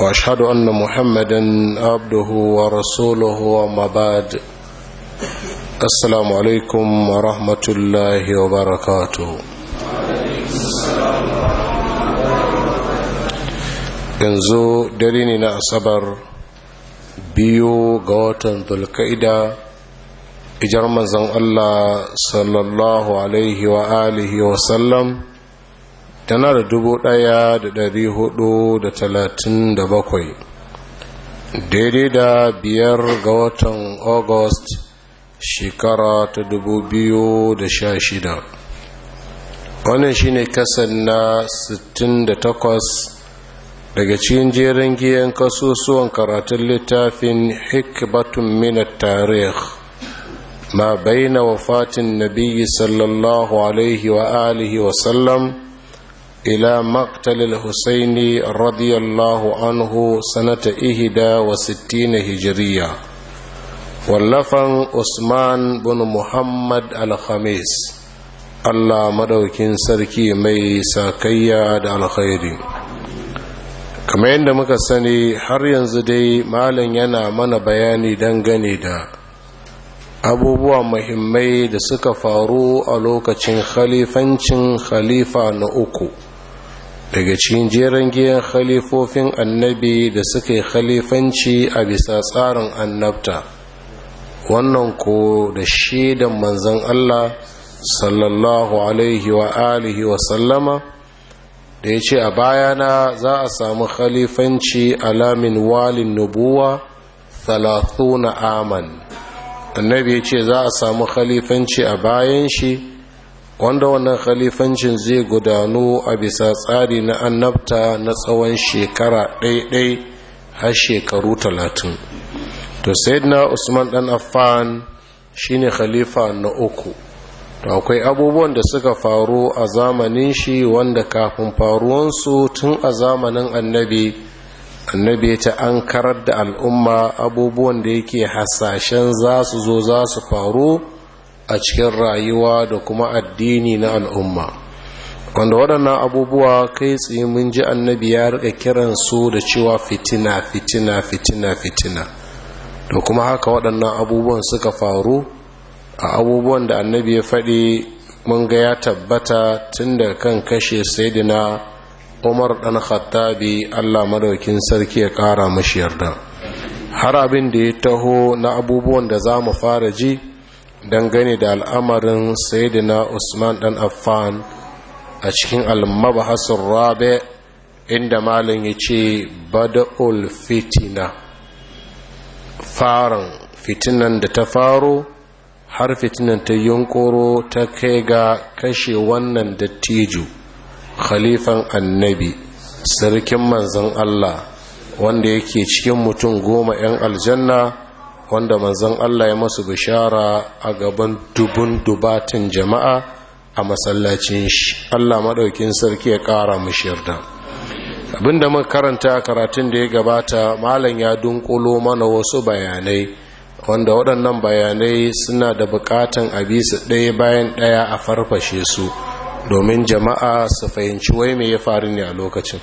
واشهد ان محمدا عبده ورسوله وما بعد السلام عليكم ورحمه الله وبركاته yanzu dare ne na asabar biyu ga watan tulka'ida ijar manzan allah sallallahu alaihi wa alihi wa sallam tana da dubu ɗaya da ɗari hudu da talatin da bakwai daidai da biyar ga watan august shekara ta dubu biyu da sha shida wannan shine kasan na sittin da 68 daga cikin jerin giyan kasusuwan karatun littafin hikbatun minar tarih ma baina wafatin Nabiyyu sallallahu alaihi wa alihi wa sallam Ila Maktalil Hussaini رضي anhu sanata ihida إهدى وستين هجرية wallafan usman bin muhammad Alkhamis. allah maɗaukin sarki mai sakayya da alkhairi kamar yadda muka sani har yanzu dai malam yana mana bayani dangane da abubuwa muhimmai da suka faru a lokacin khalifancin khalifa na uku daga cikin jeran giyan khalifofin annabi da suka yi khalifanci a bisa tsarin annabta wannan ko da shaidan manzan Allah sallallahu alaihi wa alihi wa sallama da ya ce a bayana za a samu khalifanci alamin walin nubuwa 30 aman annabi ya ce za a samu khalifanci a bayan shi wanda wannan khalifancin zai gudanu a bisa tsari na annabta na tsawon shekara ɗaiɗai har shekaru talatin to na usman dan affan shine khalifa na uku to akwai abubuwan da suka faru a zamanin shi wanda kafin faruwansu tun a zamanin annabi annabi ta an karar da al'umma abubuwan da yake hasashen za su zo za su faru a cikin rayuwa da kuma addini na al'umma wanda waɗannan abubuwa kai tsaye mun ji annabi ya rika kiran su da cewa fitina fitina fitina fitina da kuma haka waɗannan abubuwan suka faru a abubuwan da annabi ya faɗi mun ga ya tabbata tun da kan kashe saidina umar ɗan khattabi allah madaukin sarki ya ƙara mashi yarda har abin da ya taho na abubuwan da za mu fara ji dangane da al'amarin sayyidina usman dan affan a cikin al rabe Rabe inda malin ya ce bada'ul fitina farin fitinan da ta faro har fitinan ta yunkuro ta kai ga kashe wannan dattijo khalifan annabi sarkin manzon Allah wanda yake cikin mutum goma 'yan aljanna wanda manzon Allah ya masu bishara a gaban dubun dubatin jama'a a masallacin shi Allah maɗaukin sarki ya ƙara mu yarda abinda muka karanta karatun da ya gabata malam ya dunkulo mana wasu bayanai wanda waɗannan bayanai suna da buƙatan a su ɗaya bayan ɗaya a farfashe su domin jama'a su fahimci wai me ya faru ne a lokacin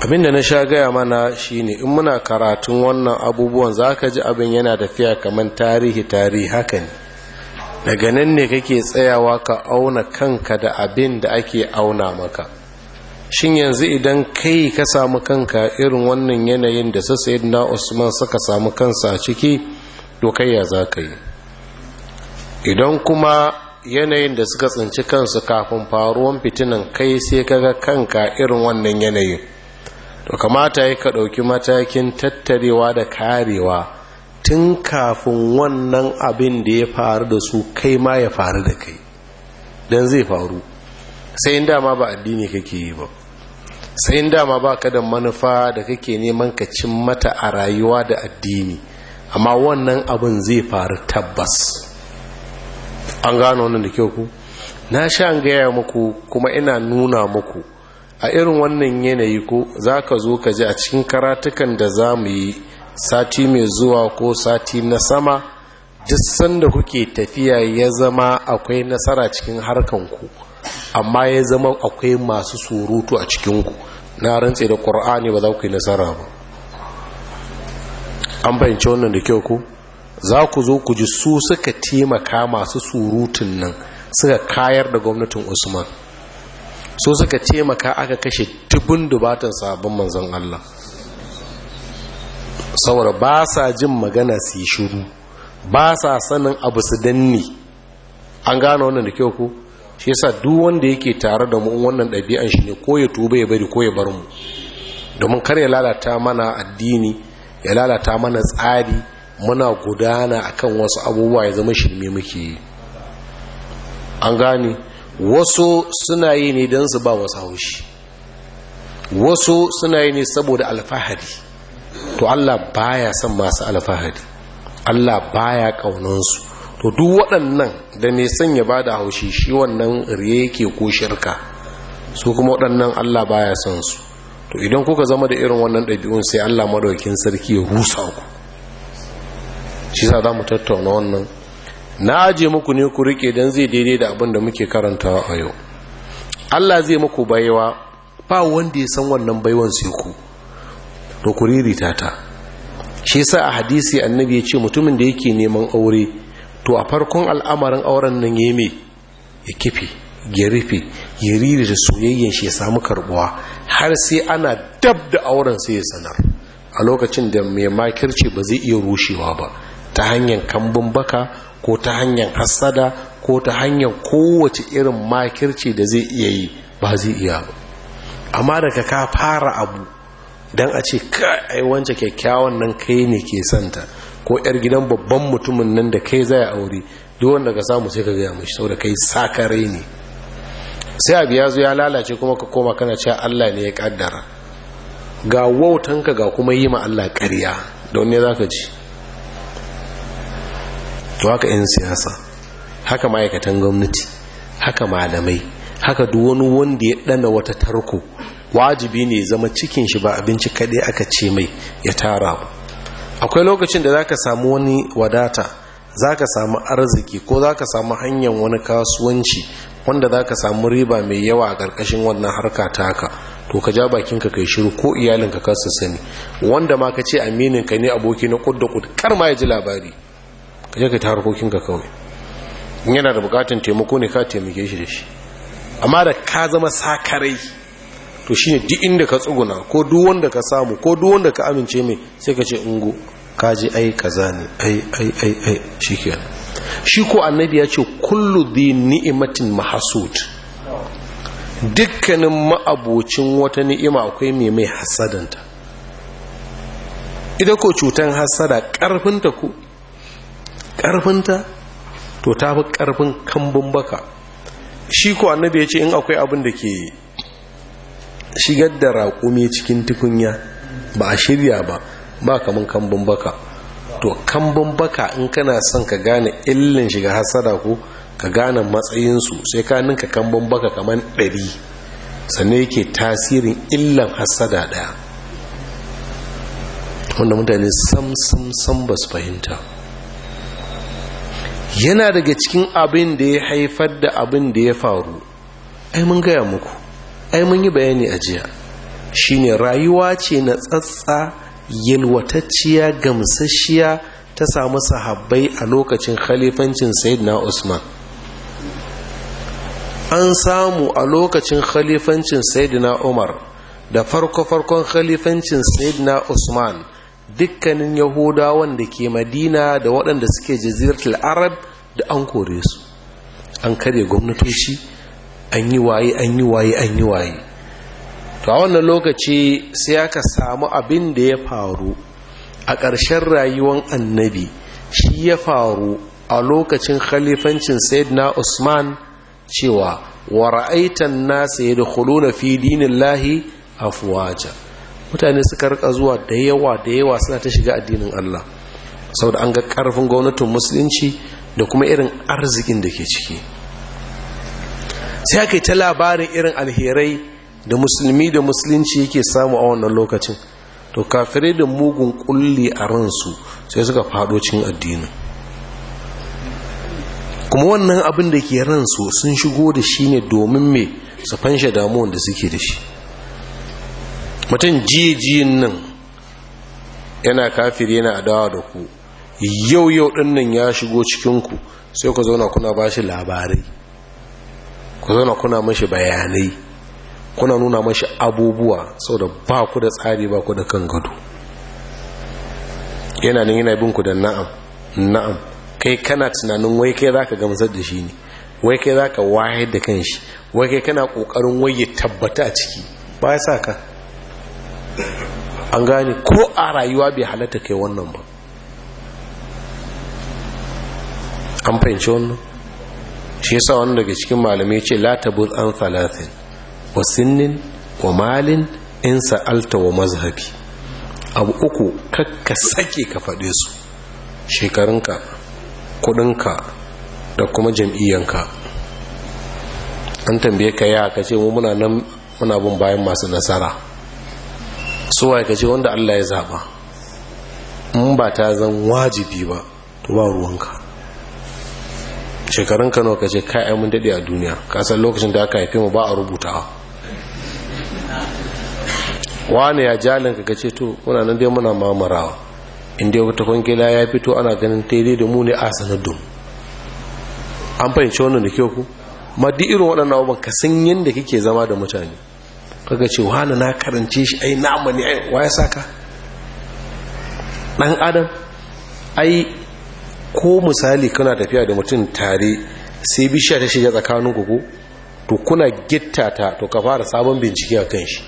Abin da na sha gaya mana shine in muna karatun wannan abubuwan za ka ji abin yana tafiya kamar tarihi tarihi haka ne daga nan ne kake tsayawa ka auna kanka da abin da ake auna maka shin yanzu idan kai ka samu kanka irin wannan yanayin da su na usman suka samu kansa ciki to za ka yi idan kuma yanayin da suka tsinci kansu kafin faruwan fitinan kai sai kaga kanka irin wannan yanayin to kamata ya ka ɗauki matakin tattarewa da karewa tun kafin wannan abin da ya faru da su kai ma ya faru da kai don zai faru sai in dama ba addini kake yi ba sai in dama ba ka da manufa da kake neman ka cin mata a rayuwa da addini amma wannan abin zai faru tabbas an gano wannan da kyau ku na sha gaya muku kuma ina nuna muku a irin wannan yanayi ko za ka zo ka ji a cikin karatukan da za mu yi sati mai zuwa ko sati na sama duk sanda kuke tafiya ya zama akwai nasara cikin harkanku amma ya zama akwai masu surutu a cikinku na rantse da ƙur'ani ba za ku yi nasara ba an fahimci wannan da kyau ku za ku zo ku ji su suka taimaka masu surutun nan suka kayar da gwamnatin usman so suka taimaka aka kashe tubun dubatan sabon manzon Allah saboda ba sa jin magana su yi shuru ba sa sanin abu su danni an gano wannan da kyau ko shi yasa duk wanda yake tare da mu wannan ɗabi'an shi ne ko ya tuba ya bari ko ya bar mu domin kar ya lalata mana addini ya lalata mana tsari muna gudana akan wasu abubuwa ya zama shirme muke yi an gane wasu suna yi ne don su ba wasu haushi wasu suna yi ne saboda alfahari to Allah baya son masu alfahari Allah baya kaunansu to duk waɗannan da mai son ya bada haushi shi wannan riye ke ko shirka su kuma waɗannan Allah baya son su to idan kuka zama da irin wannan ɗabi'un sai Allah maɗaukin sarki ya rusa ku shi sa za mu tattauna wannan na aje muku ne ku rike don zai daidai da abin da muke karantawa a yau allah zai muku baiwa ba wanda ya san wannan baiwan sai ku to ku ririta ta shi sa a hadisi annabi ya ce mutumin da yake neman aure to a farkon al'amarin auren nan ya me ya kife ya rufe ya ririta soyayyen shi ya samu karbuwa har sai ana dab da auren sai ya sanar a lokacin da mai makirci ba zai iya rushewa ba ta hanyar kambun baka ko ta hanyar hassada ko ta hanyar kowace irin makirci da zai iya yi ba zai iya ba amma daga ka fara abu don a ce kai wancan kyakkyawan nan kai ne ke santa ko yar gidan babban mutumin nan da kai zai aure duk daga samu sai ka gaya mashi da kai sakare ne sai abu ya zo ya lalace kuma ka koma kana cewa Allah ne ya kaddara ga wautanka ga kuma yi ma Allah ƙarya da wani za ka ci to haka 'yan siyasa haka ma'aikatan gwamnati haka malamai haka duk wani wanda ya ɗana wata tarko wajibi ne zama cikin shi ba abinci kaɗai aka ce mai ya tara akwai lokacin da zaka samu wani wadata zaka samu arziki ko zaka samu hanyar wani kasuwanci wanda zaka samu riba mai yawa a ƙarƙashin wannan harka taka to ka ja bakin ka kai shiru ko iyalinka kasu sani wanda ma ka ce aminin ka ne aboki na kud da kar ma ya ji labari ka je ka ta harkokin ka kawai yana da bukatun taimako ne ka taimake shi da shi amma da ka zama sakarai to shi ne duk inda ka tsuguna ko duk wanda ka samu ko duk wanda ka amince mai sai ka ce ungo ka ji ai kaza ne ai ai ai ai shi shi ko annabi ya ce kullu dhi ni'imatin mahasut. dukkanin ma'abocin wata ni'ima akwai mai mai hasadanta ita ko cutan hasada karfinta ko ƙarfinta to ta fi ƙarfin kambun baka shi ko annabi ya ce in akwai abin da ke shigar da raƙumi cikin tukunya ba a shirya ba ba kaman kambun baka to kambun baka in kana son ka gane illin shiga hasada ko ka gane matsayinsu sai ka ninka kambun baka kamar ɗari sannan yake tasirin illan hasada ɗaya wanda mutane sam sam sam ba su fahimta yana daga cikin abin da ya haifar da abin da ya faru ai mun gaya muku ai mun yi bayani a jiya shine rayuwa ce na tsatsa yalwatacciya gamsasshiya ta samu sahabbai a lokacin khalifancin sayyidina usman an samu a lokacin khalifancin sayyidina umar da farko-farkon khalifancin sayyidina usman dukkanin yahudawan da ke madina da waɗanda suke jazirtar arab da an kore su an karya gwamnatoci an yi waye an yi waye an yi waye to a wannan lokaci sai aka samu abin da ya faru a ƙarshen rayuwar annabi shi ya faru a lokacin khalifancin sayyidina usman cewa wa ra'aitan na yadkhuluna fi a afwaja mutane suka rika zuwa da yawa da yawa suna ta shiga addinin Allah saboda an ga karfin gwamnatin musulunci da kuma irin arzikin da ke ciki sai aka yi ta labarin irin alherai da musulmi da musulunci yake samu a wannan lokacin to kafirai da mugun kulli a ransu sai suka fado cikin addini kuma wannan abin da ke ransu sun shigo da shi ne domin mai su shi damuwan da suke da shi mutum jijiyin nan yana kafir yana adawa da ku yau yau ɗin nan ya shigo cikinku sai ku zauna kuna ba shi labarai ku zauna kuna mashi bayanai kuna nuna mashi abubuwa sau da ba ku da tsari ba ku da kan gado yana nan yana bin da na'am na'am kai kana tunanin wai kai za ka gamsar da shi ne wai kai za ka waye da kan shi wai kai kana ƙoƙarin wai ya tabbata a ciki ba ya sa ka an gane ko a rayuwa bai halatta kai wannan ba an fahimci wannan shi yasa wani daga cikin malamai ce la tabul an thalathin wa sinnin wa malin in sa'alta wa mazhabi abu uku kakka sake ka faɗe su shekarunka kudinka da kuma jam'iyyanka an tambaye ka ya kace ce mu muna nan muna bin bayan masu nasara su ka ce wanda Allah ya zaba in ba ta zan wajibi ba to ba ruwanka shekarun kano ka ce ka mun dade a duniya kasan lokacin da aka haife mu ba a rubuta wani ya jalin ka ce to muna nan dai muna mamarawa inda wata kwangila ya fito ana ganin daidai da mu ne a sanadun an fahimci wannan da kyau ku ma duk irin waɗannan abubuwan ka san yadda kike zama da mutane kaga ce wani na karance shi ai nama ne ai wa ya saka ɗan adam ai ko misali kana tafiya da mutum tare sai bishiya ta shiga tsakanin ku to kuna gitta ta to ka fara sabon bincike a kan shi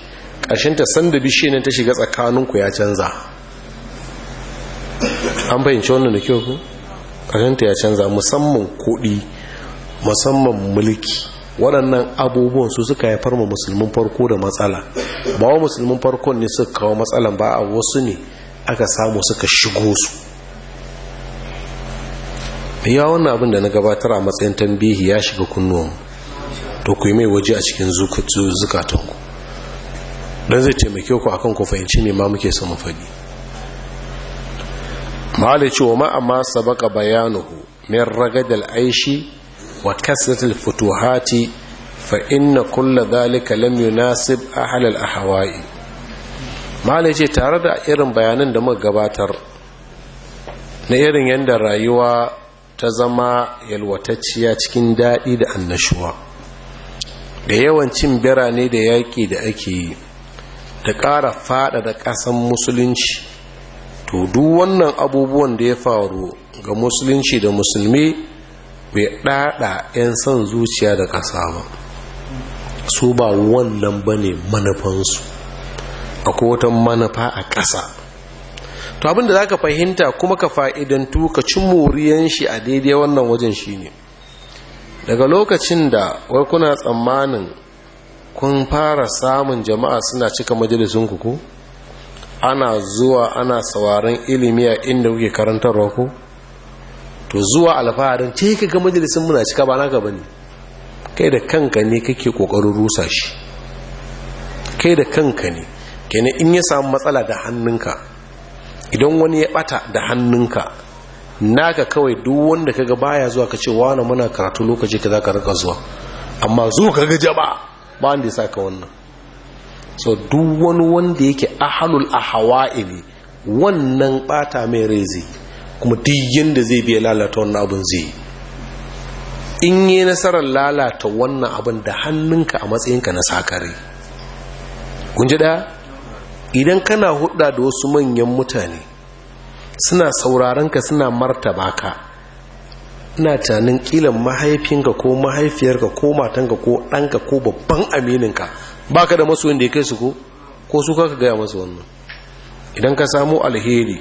ƙarshen ta sanda bishiya nan ta shiga tsakanin ku ya canza an fahimci wannan da kyau ku ƙarshen ta ya canza musamman kuɗi musamman mulki waɗannan abubuwan su suka haifar wa musulmin farko da matsala ba wa musulmin farkon ne suka kawo matsalan ba a wasu ne aka samu suka shigo su ya wannan abin da na gabatar a matsayin tambihi ya shiga kunnuwan to ku yi mai waje a cikin zukatanku don zai taimake ku akan ku fahimci ne ma muke son faɗi mahala wa ma amma sabaka bayanuhu min ragadar aishi wa kasratul futuhati fa inna kulla dhalika lam yunasib ahal al ahwa'i mahala ce tare da irin bayanan da muka gabatar na irin yanda rayuwa ta zama yalwatacciya cikin daɗi da annashuwa da yawan cin birane da yaƙi da ake yi da ƙara fada da ƙasan musulunci to duk wannan abubuwan da ya faru ga musulunci da musulmi bai ɗaɗa 'yan son zuciya da ƙasa ba su ba wannan ba ne manufansu akwai wata manufa a ƙasa to abin da za ka fahimta kuma ka fa'idantu ka cin moriyan shi a daidai wannan wajen shi ne daga lokacin da wai kuna tsammanin kun fara samun jama'a suna cika majalisun ku ana zuwa ana sauraron ilimi a inda kuke karantarwa ku to zuwa alfaharin ce ka ga majalisun muna cika ba gaba ne. kai da kanka ne kake kokarin rusa shi kai da kanka ne kenan in ya samu matsala da hannunka idan wani ya bata da hannunka naka kawai duk wanda kaga baya zuwa ka ce wani muna karatu lokaci ka za ka rika zuwa amma zo ka ga jaba ba wanda ya saka wannan so duk wani wanda yake ahalul ahawa'ili wannan bata mai rezi kuma duk yanda zai biya lalata wannan abin zai in yi nasarar lalata wannan abin da hannunka a matsayinka na sakare kun ji daya idan kana hudda da wasu manyan mutane suna sauraron ka suna martaba ka ina tunanin kilan mahaifinka ko mahaifiyarka ko matanka ko ɗanka ko babban amininka ba ka da masoyin da ya kai su ko ko su ka gaya masu wannan idan ka samu alheri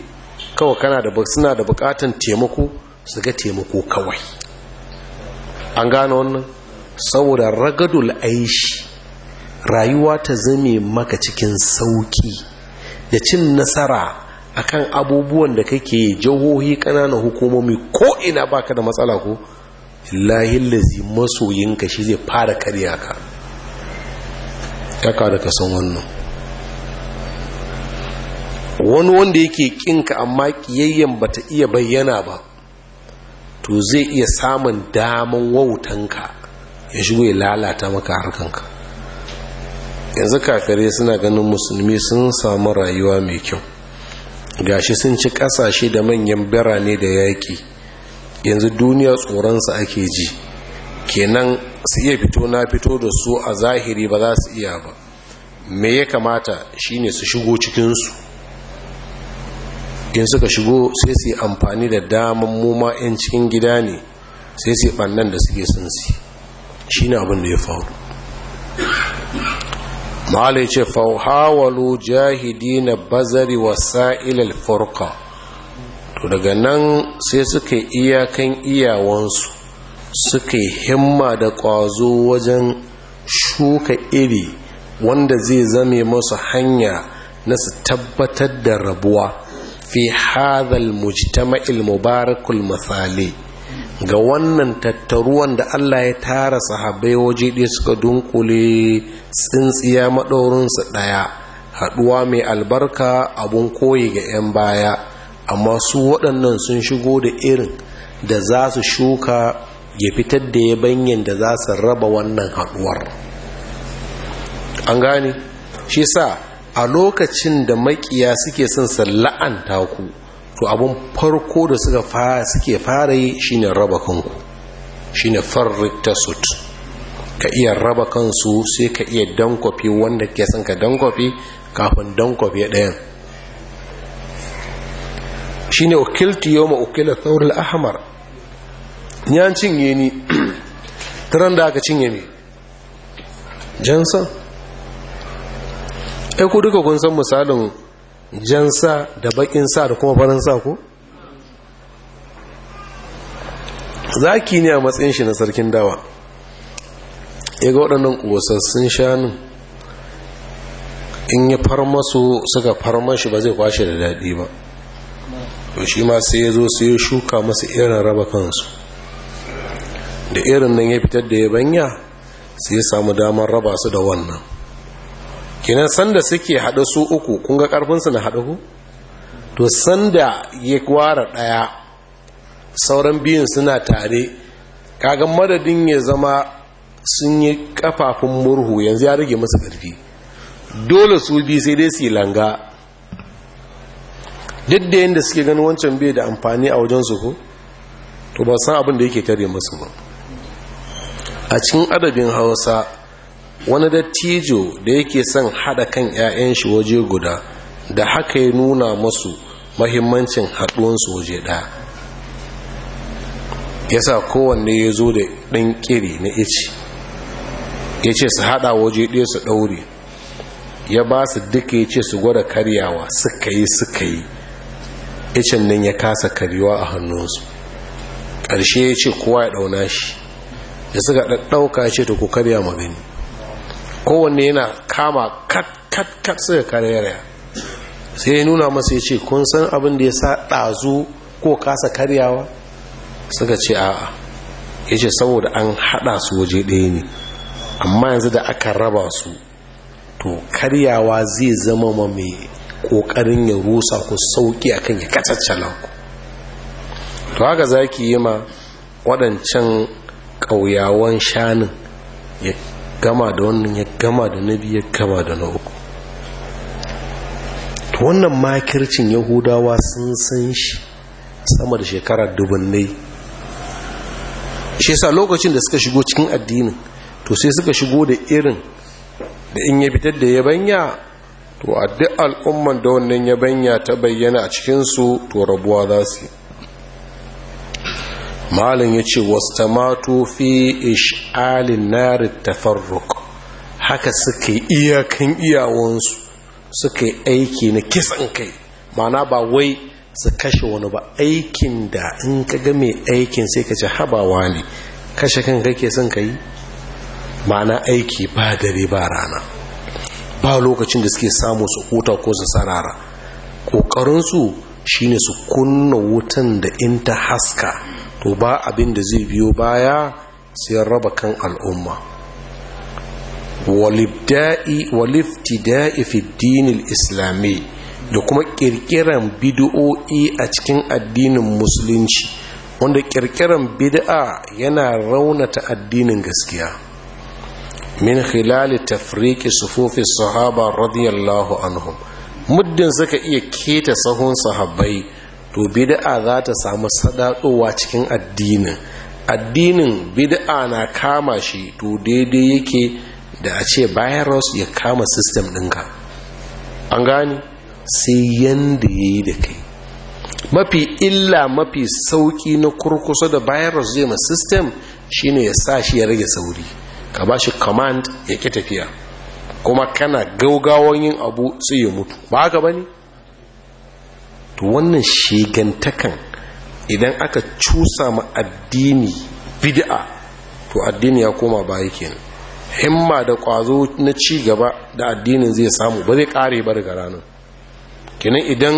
kawai kana da suna da bukatan taimako su ga taimako kawai an gane wannan saboda ragadul aishi rayuwa ta zame maka cikin sauki da cin nasara akan abubuwan da kake jihohi ƙananan hukumomi ko ina baka da matsala ko illahin lazi masoyinka shi zai fara karya ka ya kada ka san wannan wani wanda yake kinka amma kiyayyen bata iya bayyana ba to zai iya samun daman wautanka ya shigo ya lalata maka harkanka yanzu kafirai suna ganin musulmi sun samu rayuwa mai kyau gashi sun ci kasashe da manyan birane da yaƙi yanzu duniya tsoronsa ake ji kenan su iya fito na fito da su a zahiri ba za su iya ba me ya kamata shine su shigo cikinsu in suka shigo sai su yi amfani da daman muma 'yan cikin gida ne sai su yi ɓannan da suke sun si shi ne abin da ya faru malai ce fauhawalu jahidi na bazari wa wasa'ilal forko to daga nan sai suka iyakan iyawansu suka himma da ƙwazo wajen shuka iri wanda zai zame masu hanya na su tabbatar da rabuwa fi hadhal mujtama'il mubarakul misali ga wannan tattaruwan da Allah ya tara sahabbai waje ɗaya suka dunkule tsintsiya maɗaurinsu ɗaya haɗuwa mai albarka abun koyi ga 'yan baya amma su waɗannan sun shigo da irin da za su shuka ya fitar da ya banyan da za su raba wannan haɗuwar an gane shi sa a lokacin da makiya suke son su la'anta ku to abun farko da suka fara suke fara yi shine raba kanku shine farrik tasut ka iya raba kansu sai ka iya dankwafi wanda ke son ka dankwafi kafin dankwafi ɗayan shine ukilti yawma ukila thawrul ahmar yan cinye ni taran da aka cinye ni, jansan ai ku duka kun san misalin jan sa da bakin sa da kuma farin sa ko zaki ne a matsayin shi na sarkin dawa ya ga waɗannan ƙosassun shanun in ya farma su suka farma shi ba zai kwashe da daɗi ba to shi ma sai ya zo sai ya shuka masu irin raba kansu da irin nan ya fitar da ya banya sai ya samu damar raba su da wannan kenan sanda suke haɗa su uku kun ga ƙarfinsu na haɗa to sanda ya kwara ɗaya sauran biyun suna tare kaga madadin ya zama sun yi kafafun murhu yanzu ya rage masa ƙarfi dole su bi sai dai su langa duk da yadda suke ganin wancan bai da amfani a wajen su ko to ba san abin da yake tare masu ba a cikin adabin hausa wani dattijo da yake son haɗa kan 'ya'yan shi waje guda da haka ya nuna masu mahimmancin haɗuwansu waje ɗaya yasa kowanne ya zo da ɗan ƙiri na ici ya ce su haɗa waje ɗaya su ɗaure ya ba su duka ya ce su gwada karyawa suka yi suka yi icin nan ya kasa karyawa a hannunsu ƙarshe ya ce kowa ya ɗauna shi ya suka ɗauka ce ta ku karya magani kowanne yana kama kat kat kat suka karya sai ya nuna masa ya ce kun san abin da ya sa ɗazu ko kasa karyawa suka ce a'a ya ce saboda an haɗa su waje ɗaya ne amma yanzu da aka raba su to karyawa zai zama ma mai ƙoƙarin ya rusa ku sauƙi akan ya kacaccala ku to haka za ki yi ma waɗancan ƙauyawan shanin gama da wannan ya gama da na biyu gama da na uku wannan makircin yahudawa sun san shi sama da shekara dubannai shi yasa lokacin da suka shigo cikin addinin to sai suka shigo da irin da in ya fitar da ya banya to a duk da wannan ya banya ta bayyana a cikinsu to rabuwa za su yi malin ya ce wastamatu fi ish'alin nari tafarruk haka suka iyakan iyawansu suka aiki na kisan kai mana ba wai su kashe wani ba aikin da in ka ga mai aikin sai ka ce habawa ne kashe kan kake son ka yi mana aiki ba dare ba rana ba lokacin da suke samu su huta ko su sarara ƙoƙarinsu shine su kunna wutan da in ta haska to ba abin da zai biyo baya sai raba kan al'umma waliftida'i fi dinil islami da kuma kirkiran bid'o'i a cikin addinin musulunci wanda kirkiran bid'a yana raunata addinin gaskiya min khilali tafriki sufufi sahaba radiyallahu anhum muddin suka iya keta sahun sahabbai to bid'a za ta samu sadatsowa cikin addinin addinin bid'a na kama shi to daidai yake da a ce virus ya kama system ɗinka an gani sai yadda ya yi da kai mafi illa mafi sauki na kurkusa da virus zai ma system shine ya sa shi ya rage sauri ka ba shi command ya ki tafiya kuma kana gaugawan yin abu sai ya mutu ba haka bane to wannan shigantakan idan aka cusa ma addini bid'a to addini ya koma baya kenan himma da kwazo na ci gaba da addinin zai samu ba zai kare ba daga ranar kenan idan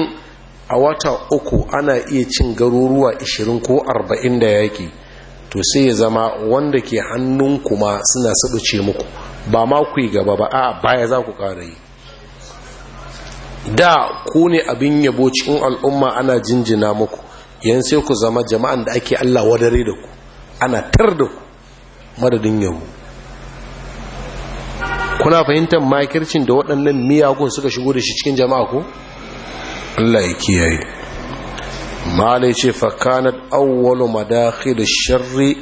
a wata uku ana iya cin garuruwa 20 ko 40 da yaki to sai ya zama wanda ke hannun kuma suna ce muku ba ma ku yi gaba ba a baya za ku kare. yi da ku ne abin yabo cikin al'umma ana jinjina muku yan sai ku zama jama'an da ake Allah wadare da ku ana tar da ku madadin yabo kuna fahimtar makircin da waɗannan miyagun suka shigo da shi cikin jama'a ko Allah ya kiyaye malai ce fakanat awwalu madakhil sharri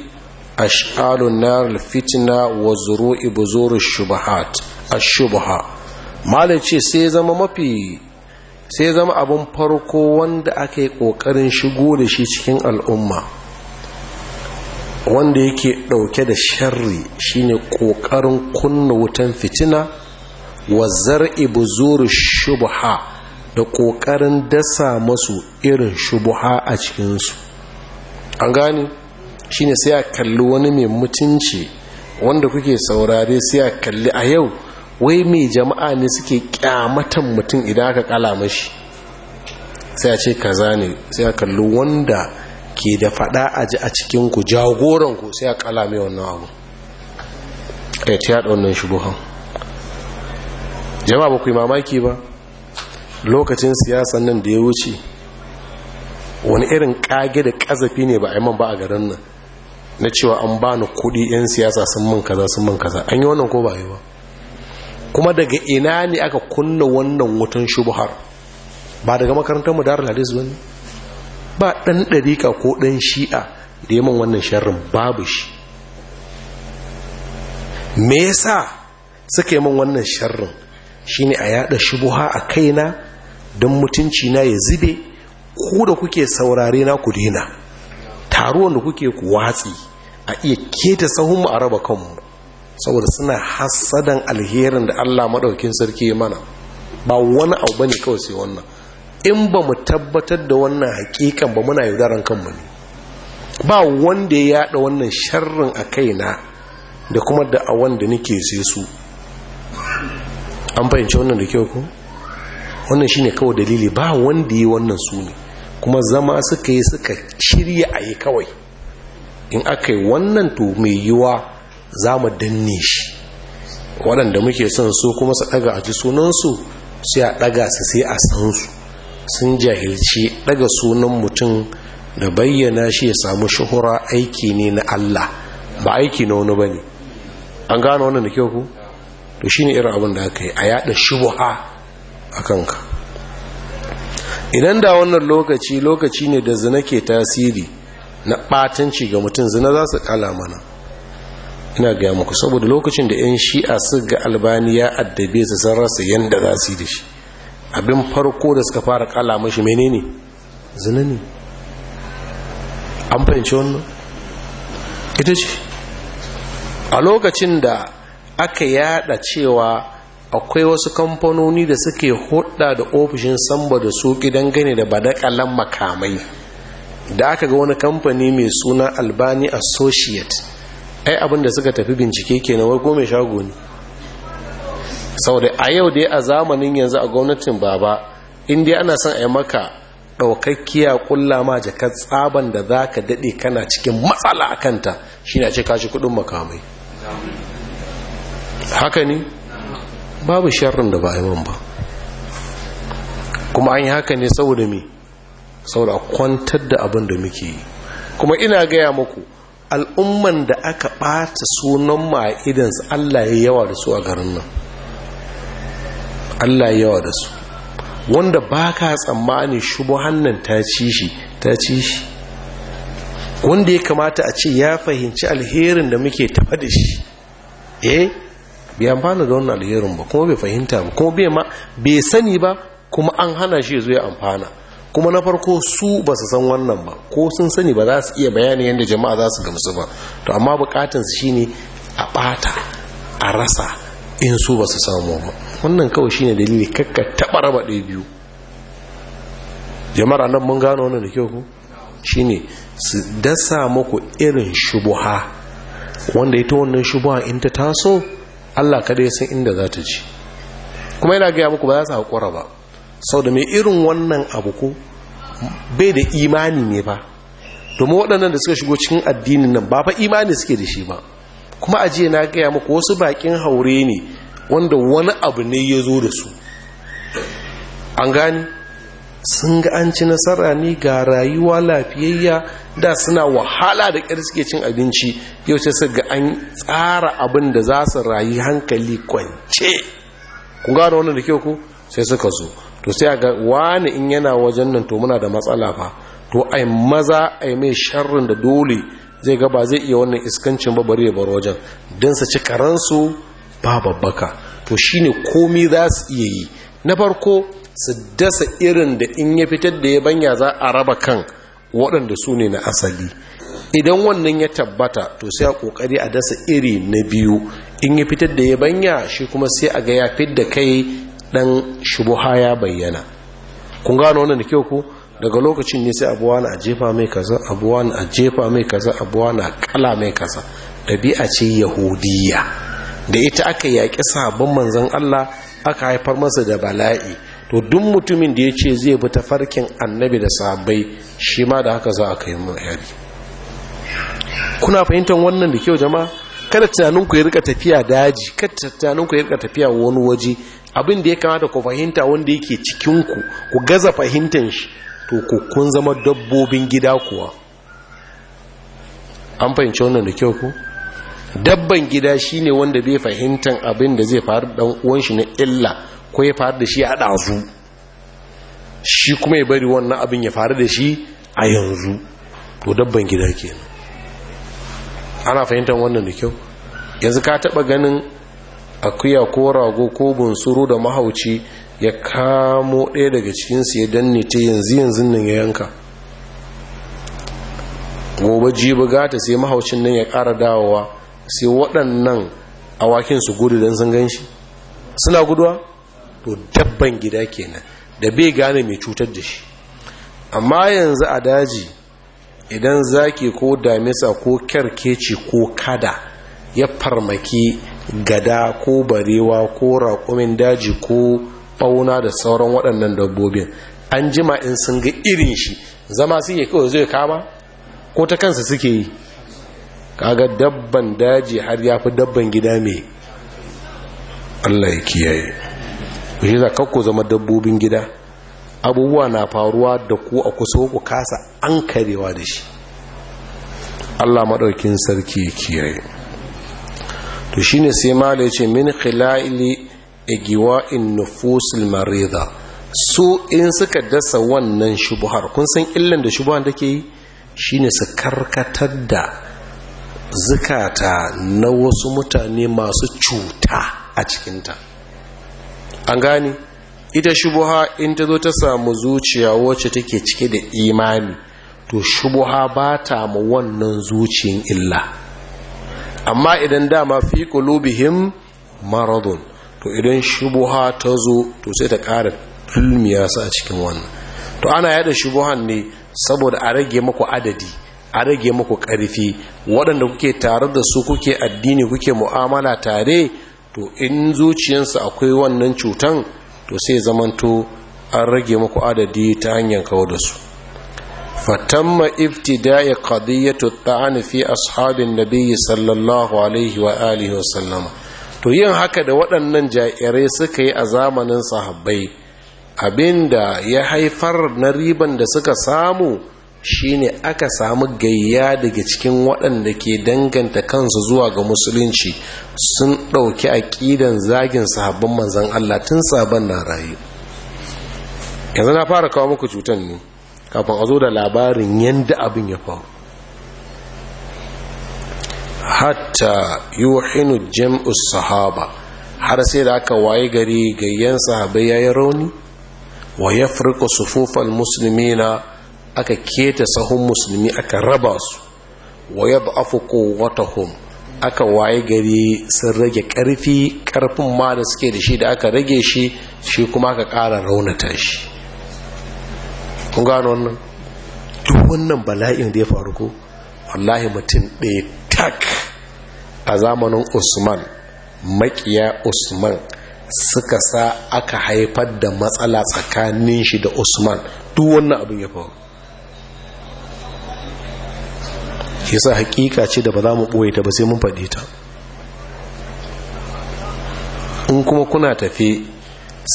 ash'alun nar fitna wa zuru'i buzur ash-shubahat ash-shubha malai ce sai zama mafi sai zama abin farko wanda aka yi ƙoƙarin shigo da shi cikin al'umma wanda yake ɗauke da sharri shine ƙoƙarin kunna wutan fitina wa zar'i buzuru shubha da ƙoƙarin dasa masu irin shubha a cikinsu an gane shine sai a kalli wani mai mutunci wanda kuke saurare sai a kalli a yau wai mai jama'a ne suke kyamatan mutum idan aka kala mashi sai a ce kaza ne sai a kalli wanda ke da fada a ji a cikin cikinku ku sai a kala mai wannan abu kai ta yada wannan shubuhan jama'a ba ku mamaki ba lokacin siyasan nan da ya wuce wani irin kage da kazafi ne ba a yi man ba a garin nan na cewa an bani kudi 'yan siyasa sun mun kaza sun mun kaza an yi wannan ko ba yi ba kuma daga ina ne aka kunna wannan wutan shubuhar? ba daga makarantar mu darul hadis bane ba dan dariƙa ko ɗan shi'a da yaman wannan sharrin babu shi me yasa suka yi min wannan sharrin shine a yada shubuha a kaina don mutunci na ya zube ku da kuke saurare na ku dena taruwan da kuke ku watsi a iya keta sahunmu a raba kanmu saboda suna hasadan alherin da Allah maɗaukin sarki mana ba wani abu bane kawai sai wannan in ba mu tabbatar da wannan hakikan ba muna yaudaran kanmu ne ba wanda ya yada wannan sharrin a kaina da kuma da a wanda nake sai su an fahimci wannan da kyau ku wannan shine kawai dalili ba wanda yi wannan su ne kuma zama suka yi suka shirya a yi kawai in aka yi wannan to mai yiwa za mu danne shi waɗanda muke son su kuma su ɗaga a ji sunansu su ya ɗaga su sai a san su sun jahilci ɗaga sunan mutum da bayyana shi ya samu shuhura aiki ne na Allah ba aiki na wani ba ne an gano wannan da kyau ku to shi ne irin abin da aka yi a yaɗa shubuha a kanka idan da wannan lokaci lokaci ne da zina ke tasiri na ɓatanci ga mutum zina za su ƙala mana ina gaya muku saboda lokacin da 'yan shi'a su ga albani ya addabe su sun rasa yadda za su yi da shi abin farko da suka fara kala mashi ne zina ne an fahimci wannan ita ce a lokacin da aka yada cewa akwai wasu kamfanoni da suke hudda da ofishin samba da su gidan gani da badakalan makamai da aka ga wani kamfani mai suna albani associate ai abinda suka tafi bincike kenan wai gome shago ne saboda a yau dai a zamanin yanzu a gwamnatin baba inda ana son a yi maka ɗaukakkiya kulla ma jaka tsaban da za ka daɗe kana cikin matsala a kanta shi na ce kashi kuɗin makamai haka ne babu sharrin da ba a ba kuma an yi haka ne saboda mi saboda kwantar da abin da muke yi kuma ina gaya muku al'umman da aka ɓata sunan ma allah ya yawa da su a garin nan allah ya yawa da su wanda ba ka tsammani shubu hannun ta ci shi ta ci shi wanda ya kamata a ce ya fahimci alherin da muke tafa da shi eh biyan amfana da wannan alherin ba kuma bai fahimta ba kuma bai ma bai sani ba kuma an hana shi ya zo amfana kuma na farko su ba su san wannan ba ko sun sani ba za su iya bayani yadda jama'a za su gamsu ba to amma bukatun su shine a bata a rasa in su ba su samu ba wannan kawai shine dalili kakka taɓa raba ɗaya biyu jama'a nan mun gano wannan da kyau ku shine su dasa muku irin shubuha wanda ita wannan shubuha in ta taso Allah kada ya san inda za ta ji kuma yana gaya muku ba za su haƙura ba sau da mai irin wannan abu ko bai da imani ne ba domin waɗannan da suka shigo cikin addinin nan ba fa imani suke da shi ba kuma a jiya na gaya muku wasu bakin haure ne wanda wani abu ne ya zo da su an gani sun ga an ci nasara ne ga rayuwa lafiyayya da suna wahala da ƙyar suke cin abinci yau sai su ga an tsara abin da za su rayu hankali kwance ku gano wannan da kyau ko? sai suka zo to sai ga wani in yana wajen nan to muna da matsala fa to ai maza ai mai sharrin da dole zai ga ba zai iya wannan iskancin ba bare ya bar wajen dan su ci karansu ba babbaka to shine komai za su iya yi na farko su dasa irin da in ya fitar da ya banya za a raba kan waɗanda su ne na asali idan wannan ya tabbata to sai a kokari a dasa iri na biyu in ya fitar da ya banya, shi kuma sai a ga ya da kai dan shubuha ya bayyana kun gano wannan da kyau ku daga lokacin ne sai abuwa na jefa mai kaza abuwa na jefa mai kaza abuwa na kala mai kaza dabi'a ce yahudiya da ita aka yaƙi sabon manzon Allah aka haifar masa da bala'i to duk mutumin da ya ce zai bi ta farkin annabi da sahabbai shi ma da haka za a kai mu yari. kuna fahimtar wannan da kyau jama'a kada ku ya rika tafiya daji kada ku ya rika tafiya wani waje abin da ya kamata ku fahimta wanda yake cikinku ku gaza fahimtar shi to ku kun zama dabbobin gida kuwa an fahimci wannan da kyau ku dabban gida shine wanda bai fahimtar abin da zai faru da uwan shi na illa ko ya faru da shi a ɗazu shi kuma ya bari wannan abin ya faru da shi a yanzu to dabban gida kenan ana fahimtar wannan da kyau yanzu ka taba ganin akuya ko rago ko bunsuru da mahauci ya kamo ɗaya daga cikinsu ya danne ta yanzu yanzu nan ya yanka gobe jibi gata sai mahaucin nan ya ƙara dawowa sai waɗannan awakin su gudu don sun gan shi suna guduwa to dabban gida kenan da bai gane mai cutar da shi amma yanzu a daji idan zaki ko damisa ko kyarkeci ko kada ya farmaki gada ko barewa ko raƙumin daji ko ɓauna da sauran waɗannan dabbobin an jima in sun ga irin shi zama yi kawai zai kama ko ta kansa suke yi kaga dabban daji har ya fi dabban gida mai allah ya kiyaye shi za kakko zama dabbobin gida abubuwa na faruwa da ku a kusa ku kasa an karewa da shi allah maɗaukin sarki ya kiyaye to shine sai mala yace min khila'ili igiwa'in nufusil marida su in suka dasa wannan shubuhar kun san illan da shubuhar take yi shine su karkatar da zukata na wasu mutane masu cuta a cikinta an gane ita shubuha in ta zo ta samu zuciya wacce take cike da imani to shubuha ba ta mu wannan zuciyin illa amma idan dama fi qulubihim maradun to idan shubuha ta zo to sai ta ƙara tulmiya sa a cikin wannan to ana yada shubuhan ne saboda a rage maku adadi a rage maku ƙarfi waɗanda kuke tare da su kuke addini kuke mu'amala tare to in zuciyarsa akwai wannan cutan to sai zamanto an rage maku adadi ta hanyar kawo da su فتم ابتداء قضية الطعن في أصحاب النبي صلى الله عليه وآله وسلم to yin haka da waɗannan jairai suka yi a zamanin sahabbai abinda ya haifar na riban da suka samu shine aka samu gayya daga cikin waɗanda ke danganta kansu zuwa ga musulunci sun ɗauki aƙidan zagin sahabban manzan Allah tun sabon na rayu yanzu na fara kawo muku cutan ne kafin a zo da labarin yadda abin ya faru hatta yuhinu jam'u sahaba har sai da aka waye gari gayyan sahabai yayi rauni wa yafriqu sufufan muslimina aka keta sahun musulmi aka raba su wa yad'afu quwwatahum aka waye gari sun rage karfi karfin ma da suke da shi da aka rage shi shi kuma aka ƙara raunata shi kun gano wannan duk wannan bala'in da ya faru ko wallahi mutum ɗaya tak a zamanin usman makiya usman suka sa aka haifar da matsala tsakanin shi da usman duk wannan abin ya faru yasa hakika ce da ba za mu ɓoye ta ba sai mun faɗi ta in kuma kuna tafi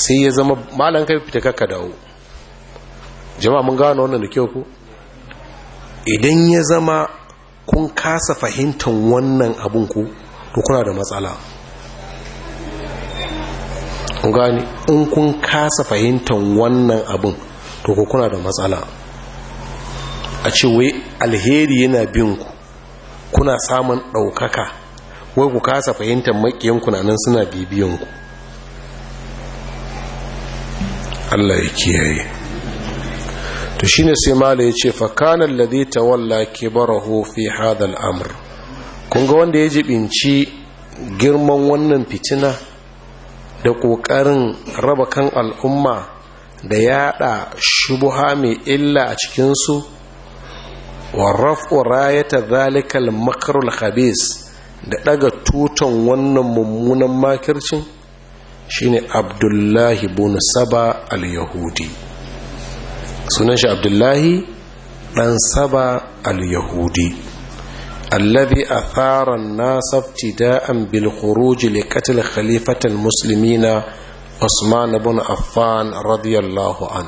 sai ya zama malan kai fita kakka dawo jama'a mun gano wannan da kyau ku idan ya zama kun kasa fahimtar wannan abun ku to kuna da matsala kun gani in kun kasa fahimtar wannan abun, to ku kuna da matsala a ce wai alheri yana bin ku kuna samun ɗaukaka wai ku kasa fahimtar makiyan na nan suna bibiyan ku? Allah ya kiyaye to shine sai mala ya ce fakanan walla tawalla kibarahu fi hadal amur. kun ga wanda ya jibinci girman wannan fitina da ƙoƙarin raba kan al'umma da yada shubuha mai illa a cikinsu wa raf'u rayata zalikal makarul khabis da daga tutan wannan mummunan makircin shine abdullahi bin saba al-yahudi sunan shi abdullahi ɗan saba al-yahudi alladhi a an nasa ibtida'an bil khuruj li qatl al muslimina usman ibn affan radiyallahu an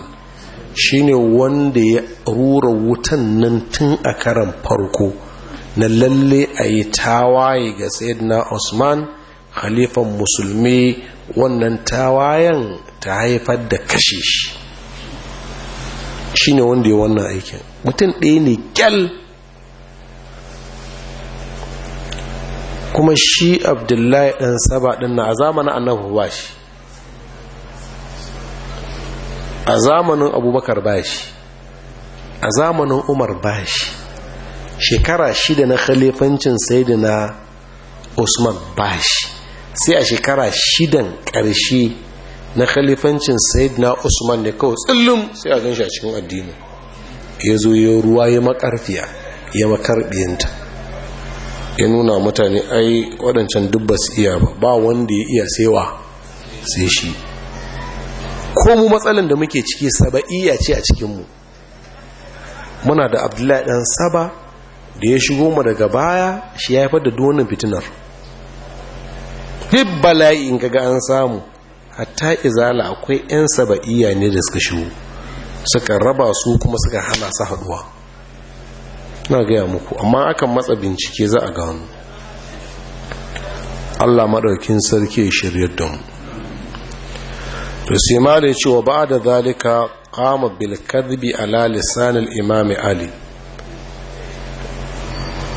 shine wanda ya rura wutan nan tun a karan farko na lalle a yi tawaye ga sayyidina usman khalifan musulmi wannan tawayen ta haifar da kashe shi Shi ne wanda ya wannan aikin mutum ɗaya ne kyal kuma shi abdullahi ɗan saba ɗin na a zamanin annabu ba shi a zamanin abubakar ba shi a zamanin umar ba shi shekara shida na khalifancin na usman ba shi sai a shekara shidan ƙarshe na khalifancin na usman ne kawai tsillum sai a ganshi a cikin addini ya zo ya ruwa ya makarfiya ya makarbiyanta ya nuna mutane ai waɗancan dubba su iya ba ba wanda ya iya saiwa sai shi ko mu matsalan da muke ciki saba'iya ce a cikinmu muna da abdullahi ɗan saba da ya shigo mu daga baya shi ya haifar da duwannan fitinar duk ka ga an samu hatta izala akwai 'yan saba'iya ne da suka shigo suka raba su kuma suka hana su haduwa na gaya muku amma akan matsa bincike za a gano allah maɗaukin sarki ya shirya don to sai ma da cewa ba da zalika kama bilkadbi ala lisanin imami ali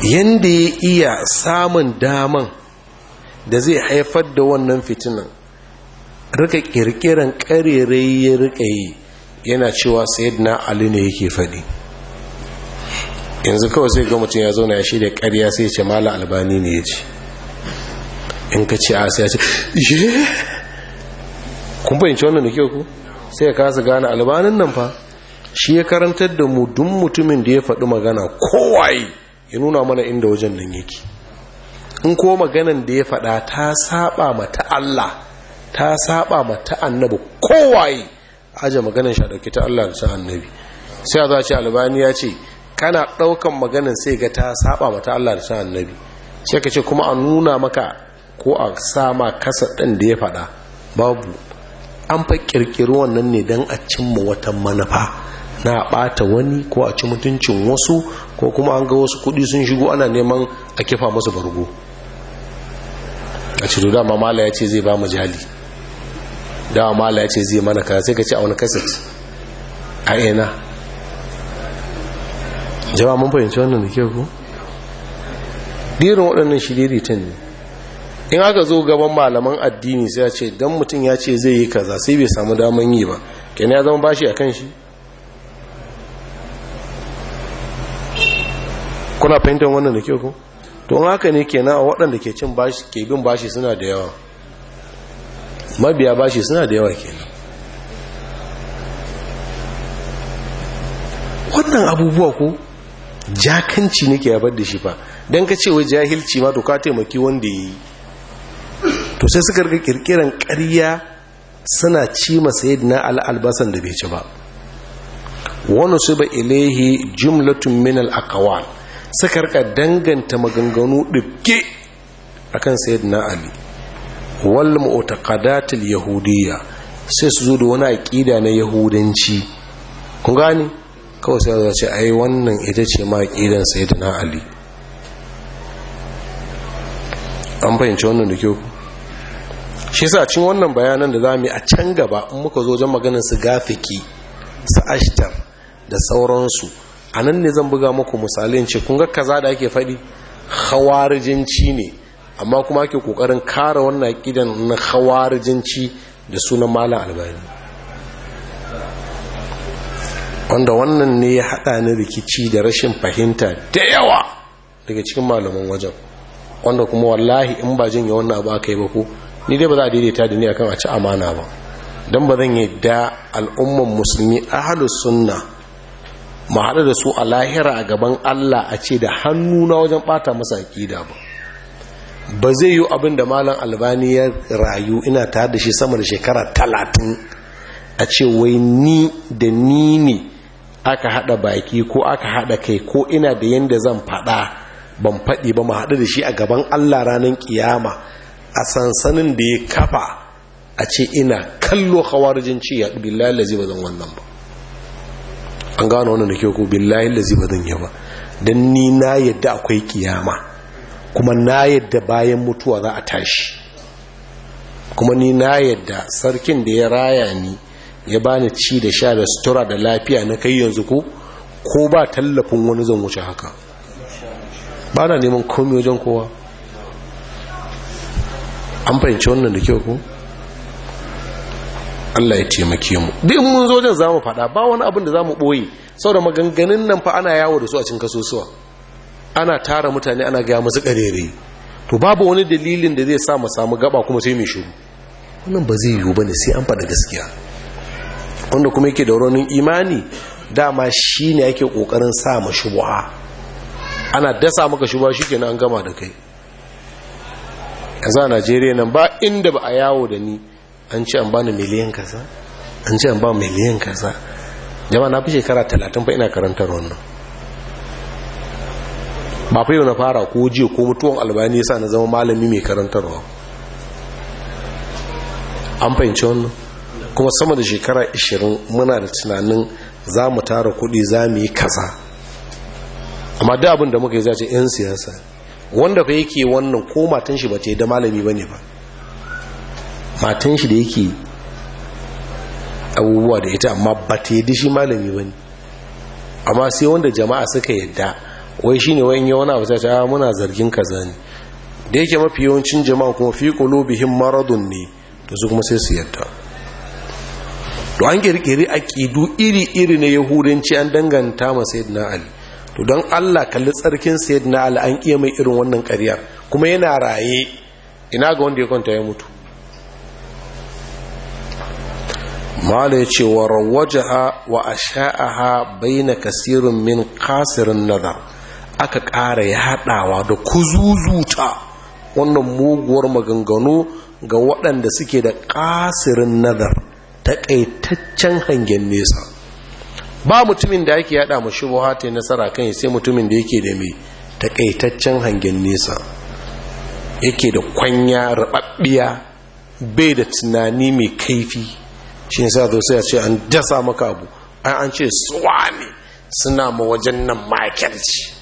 yadda ya iya samun daman da zai haifar da wannan fitinan rika kirkiran karerai ya rika yi yana cewa sayyidina ali ne yake faɗi yanzu kawai sai ga mutum ya zauna ya shirya ƙarya sai ce mala albani ne ya ce in ka ce a sai ya ce ye kun fahimci wannan da kyau ku sai ya kasa gane albanin nan fa shi ya karantar da mu duk mutumin da ya faɗi magana kowaye ya nuna mana inda wajen nan yake in ko maganan da ya faɗa ta saba mata Allah ta saba ma ta annabi kowaye aje maganar shi dauki ta Allah da ta annabi sai a zace ce albani ya ce kana daukan maganar sai ga ta saba ma ta Allah da ta annabi sai ka kuma a nuna maka ko a sama kasa ɗin da ya faɗa babu an fa ƙirƙiru wannan ne don a cimma wata manafa na ɓata wani ko a ci mutuncin wasu ko kuma an ga wasu kudi sun shigo ana neman a kifa musu bargo a cikin dama mala ya ce zai ba mu jali dawa mala ya ce zai mana kaza sai ka ce a wani kaset a ina jama'a mun fahimci wannan da ke ku dirin waɗannan shiriritan ne in aka zo gaban malaman addini sai ya ce don mutum ya ce zai yi kaza sai bai samu daman yi ba kenan ya zama bashi a kan shi kuna fahimtar wannan da ke ku to haka ne kenan a waɗanda ke cin bashi ke bin bashi suna da yawa mabiya bashi suna da yawa kenan wannan abubuwa ko jakanci nake bar da shi fa don ka ce wai jahilci ma to ka taimaki wanda ya yi to sai suka rika kirkiran ƙarya suna ci masa yadda albasan da bai ci ba wani su ba ilaihi jumlatun min al'akawan suka rika danganta maganganu ɗibke akan sayyidina ali wal mu'taqadatil yahudiyya sai su zo da wani aqida na yahudanci kun gane kawai sai za ce ai wannan ita ce ma aqidan sayyidina ali an fahimci wannan da kyau shi yasa cin wannan bayanan da zamu yi a can gaba in muka zo wajen maganar su gafiki su ashtar da sauransu a nan ne zan buga muku misalin ce kun ga kaza da ake faɗi khawarijinci ne amma kuma ake kokarin kara wannan aqidan na khawarijinci da sunan malam albani wanda wannan ne ya hada ni rikici da rashin fahimta da yawa daga cikin malaman wajen wanda kuma wallahi in ba jin ya wannan abu aka yi ba ko ni dai ba za a daidaita da ni akan a ci amana ba dan ba zan yi da al'umman musulmi ahlu sunna mu da su a lahira a gaban Allah a ce da hannu na wajen bata masa aƙida ba ba zai yi abin da malam albani ya rayu ina ta da shi sama da shekara talatin a ce wai ni da ni ne aka hada baki ko aka hada kai ko ina da yadda zan fada ban faɗi ba mu haɗu da shi a gaban allah ranar kiyama a sansanin da ya kafa a ce ina kallo hawarijin ci ya billahi lazi ba zan wannan ba an gano wannan da ke ko billahi lazi ba zan yi ba don ni na yadda akwai kiyama kuma na yadda bayan mutuwa za a tashi kuma ni na yadda sarkin da ya raya ni ya bani ci da sha da sutura da lafiya na kai yanzu ko ko ba tallafin wani zan wuce haka ba na neman komi wajen kowa an fahimci wannan da kyau ko Allah ya taimake mu duk mun zo wajen zamu faɗa ba wani abin da zamu boye saboda maganganun nan fa ana yawo da su a cikin kasusuwa ana tara mutane ana gaya masu ƙarere to babu wani dalilin da zai sa mu samu gaba kuma sai mai shiru wannan ba zai yiwu ba ne sai an faɗa gaskiya wanda kuma yake da ranin imani dama shi ne ake ƙoƙarin sa ma shubuha ana dasa maka shubuha shi kenan an gama da kai yanzu a najeriya nan ba inda ba a yawo da ni an ce an ba ni miliyan kaza an ce an ba miliyan kaza jama na fi shekara talatin fa ina karantar wannan ba fa yau na fara ko jiya ko mutuwan albani sa na zama malami mai karantarwa an fahimci wannan kuma sama da shekara 20 muna da tunanin za mu tara kudi za mu yi kaza amma da abin da muka yi zace 'yan siyasa wanda fa yake wannan ko matan shi ba ce da malami ba ne ba matan shi da yake abubuwa da ita amma ba ta yi da shi malami ba ne amma sai wanda jama'a suka yadda wai shine ne yi wani abu sai ta ah, muna zargin kaza ne da yake mafi yawancin jama'a kuma fi bihin maradun ne Da su kuma sai su yadda. to an kirkiri aqidu iri-iri na yahudanci an danganta ma sayyidina ali to don Allah kalli tsarkin sayyidina ali an iya mai irin wannan ƙaryar kuma yana raye ina ga wanda ya kwanta ya mutu mala ya ce wa rawajaha wa a asha'aha na kasirin min kasirin nazar aka ƙara ya haɗawa da kuzuzuta wannan muguwar maganganu ga waɗanda suke da ƙasirin nazar taƙaitaccen hangen nesa ba mutumin da yake yaɗa mashi buha ta nasara kan sai mutumin da yake da mai taƙaitaccen hangen nesa yake da kwanya raɓaɓɓiya, bai da tunani mai kaifi shi sa zo sai a ce an dasa maka abu an ce suwa ne suna ma wajen nan makirci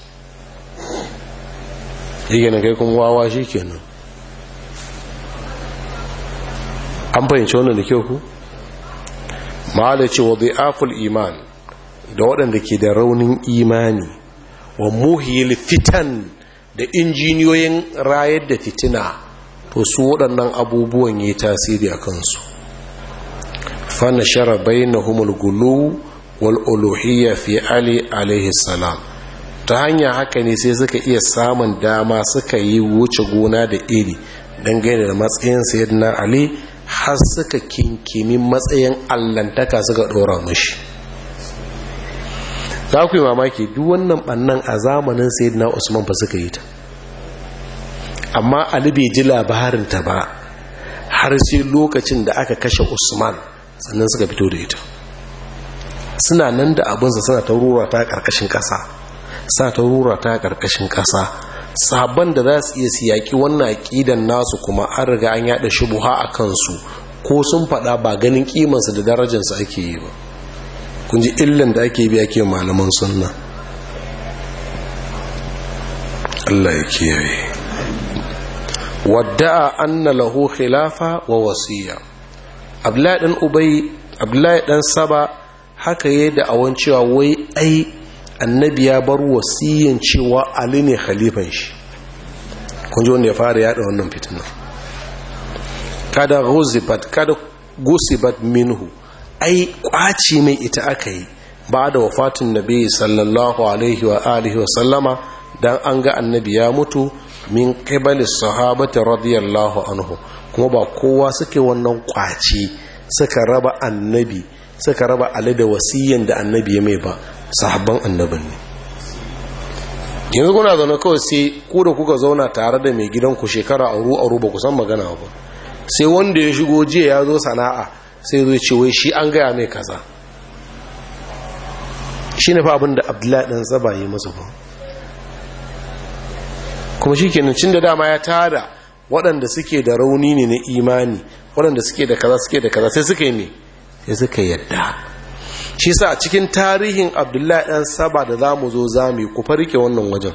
shi na kai kuma wawa shi kenan an fahimci wannan da kyau ku ma'ala ce wa zai'aful iman da waɗanda ke da raunin imani wa muhil fitan da injiniyoyin rayar da fitina to su waɗannan abubuwan yi tasiri a kansu fana shara bayan na humul gulu fi ali alaihi salam ta hanya haka ne sai suka iya samun dama suka yi wuce gona da iri dangane da matsayin sayyidina ali har suka kinkimi matsayin allantaka suka dora mashi za ku yi mamaki duk wannan bannan a zamanin sayyidina usman ba suka yi ta amma ali bai ji ta ba har sai lokacin da aka kashe usman sannan suka fito da ita suna nan da abinsa suna ta ruwa ta ƙarƙashin ƙasa sa ta rura ta ƙarƙashin ƙasa sabon da za su iya siyaki wannan aƙidan nasu kuma an riga an yaɗa shubuha a kansu ko sun faɗa ba ganin ƙimansu da darajarsu ake yi ba kun ji illan da ake biya ke malaman sunna Allah ya kiyaye wadda'a anna lahu khilafa wa wasiya abdullahi dan ubay abdullahi dan saba haka yayin da awan cewa wai ai annabi ya bar wasiyan cewa ali ne khalifan shi kun ji wanda ya fara yada wannan fitinar kada guzibat kada guzibat minhu ai kwaci mai ita aka yi ba da wafatin nabi sallallahu alaihi wa alihi wa sallama dan an ga annabi ya mutu min qibali sahabati radiyallahu anhu kuma ba kowa suke wannan kwaci suka raba annabi suka raba ali da wasiyan da annabi ya mai ba sahabban annabin ne yanzu kuna zaune kawai sai ku da kuka zauna tare da mai gidan ku shekara aru aru ba ku san magana ba sai wanda ya shigo jiya ya zo sana'a sai zo ce wai shi an gaya mai kaza shi ne fa abin da abdullahi ɗan zaba yi masa ba kuma shi kenan cin da dama ya tada waɗanda suke da rauni ne na imani waɗanda suke da kaza suke da kaza sai suka yi ne sai suka yadda shi sa cikin tarihin abdullahi ɗan saba da za mu zo zami ku farke wannan wajen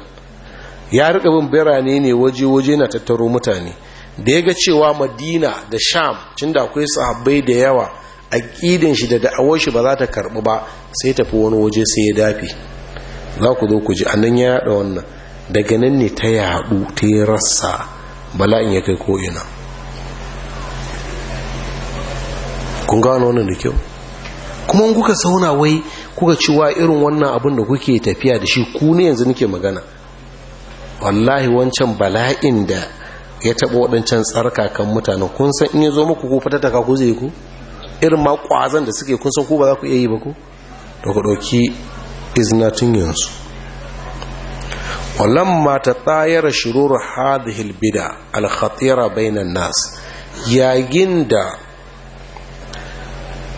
ya riƙa bin birane ne waje-waje na tattaro mutane da ya ga cewa madina da sham cin da akwai sahabbai da yawa ƙidin shi da da'awar shi ba za ta karɓi ba sai tafi wani waje sai ya dafi za ku zo ku ji annan ya yaɗa wannan daga nan ne ta yaɗu ta yi rassa bala'in ya kai ko'ina kun gano wannan da kyau kuma in kuka sauna wai kuka cewa irin wannan abin da kuke tafiya da shi ku ne yanzu nake magana wallahi wancan bala'in da ya taɓa waɗancan kan mutanen kun san in ya muku ku ko fatattaka ku zai ku irin ma ƙwazon da suke kun san ku ba za ku iya yi ba ku to ku ɗauki iznatin yanzu ma ta tsayar shirur hadihil bida alkhatira bainan nas yayin da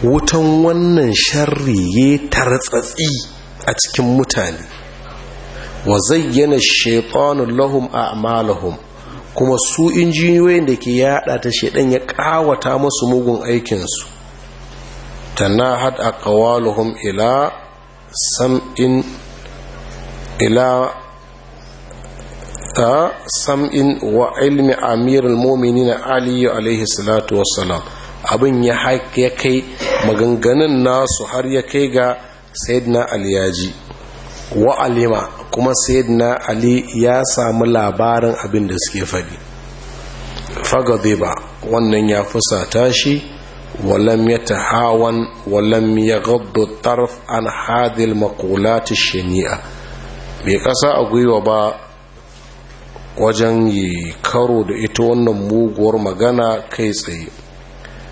wutan wannan sharri ya tartsatsi a cikin mutane wa zayyana shaitanun lahum a'malahum kuma su injiniyoyin da ke yada ta shaidan ya kawata masu mugun aikinsu tanahat aqwaluhum ila sam'in ila ta sam'in wa ilmi amirul na Aliyu alaihi salatu salam. abin ya kai maganganun nasu har ya kai ga sayyidina ali ya ji wa alima kuma sayyidina ali ya samu labarin abin da suke faɗi fagade ba wannan ya fusata shi walam ya tahawan walam ya gabdo tarf an hadil makulati shani'a bai kasa a gwiwa ba wajen yi karo da ita wannan muguwar magana kai tsaye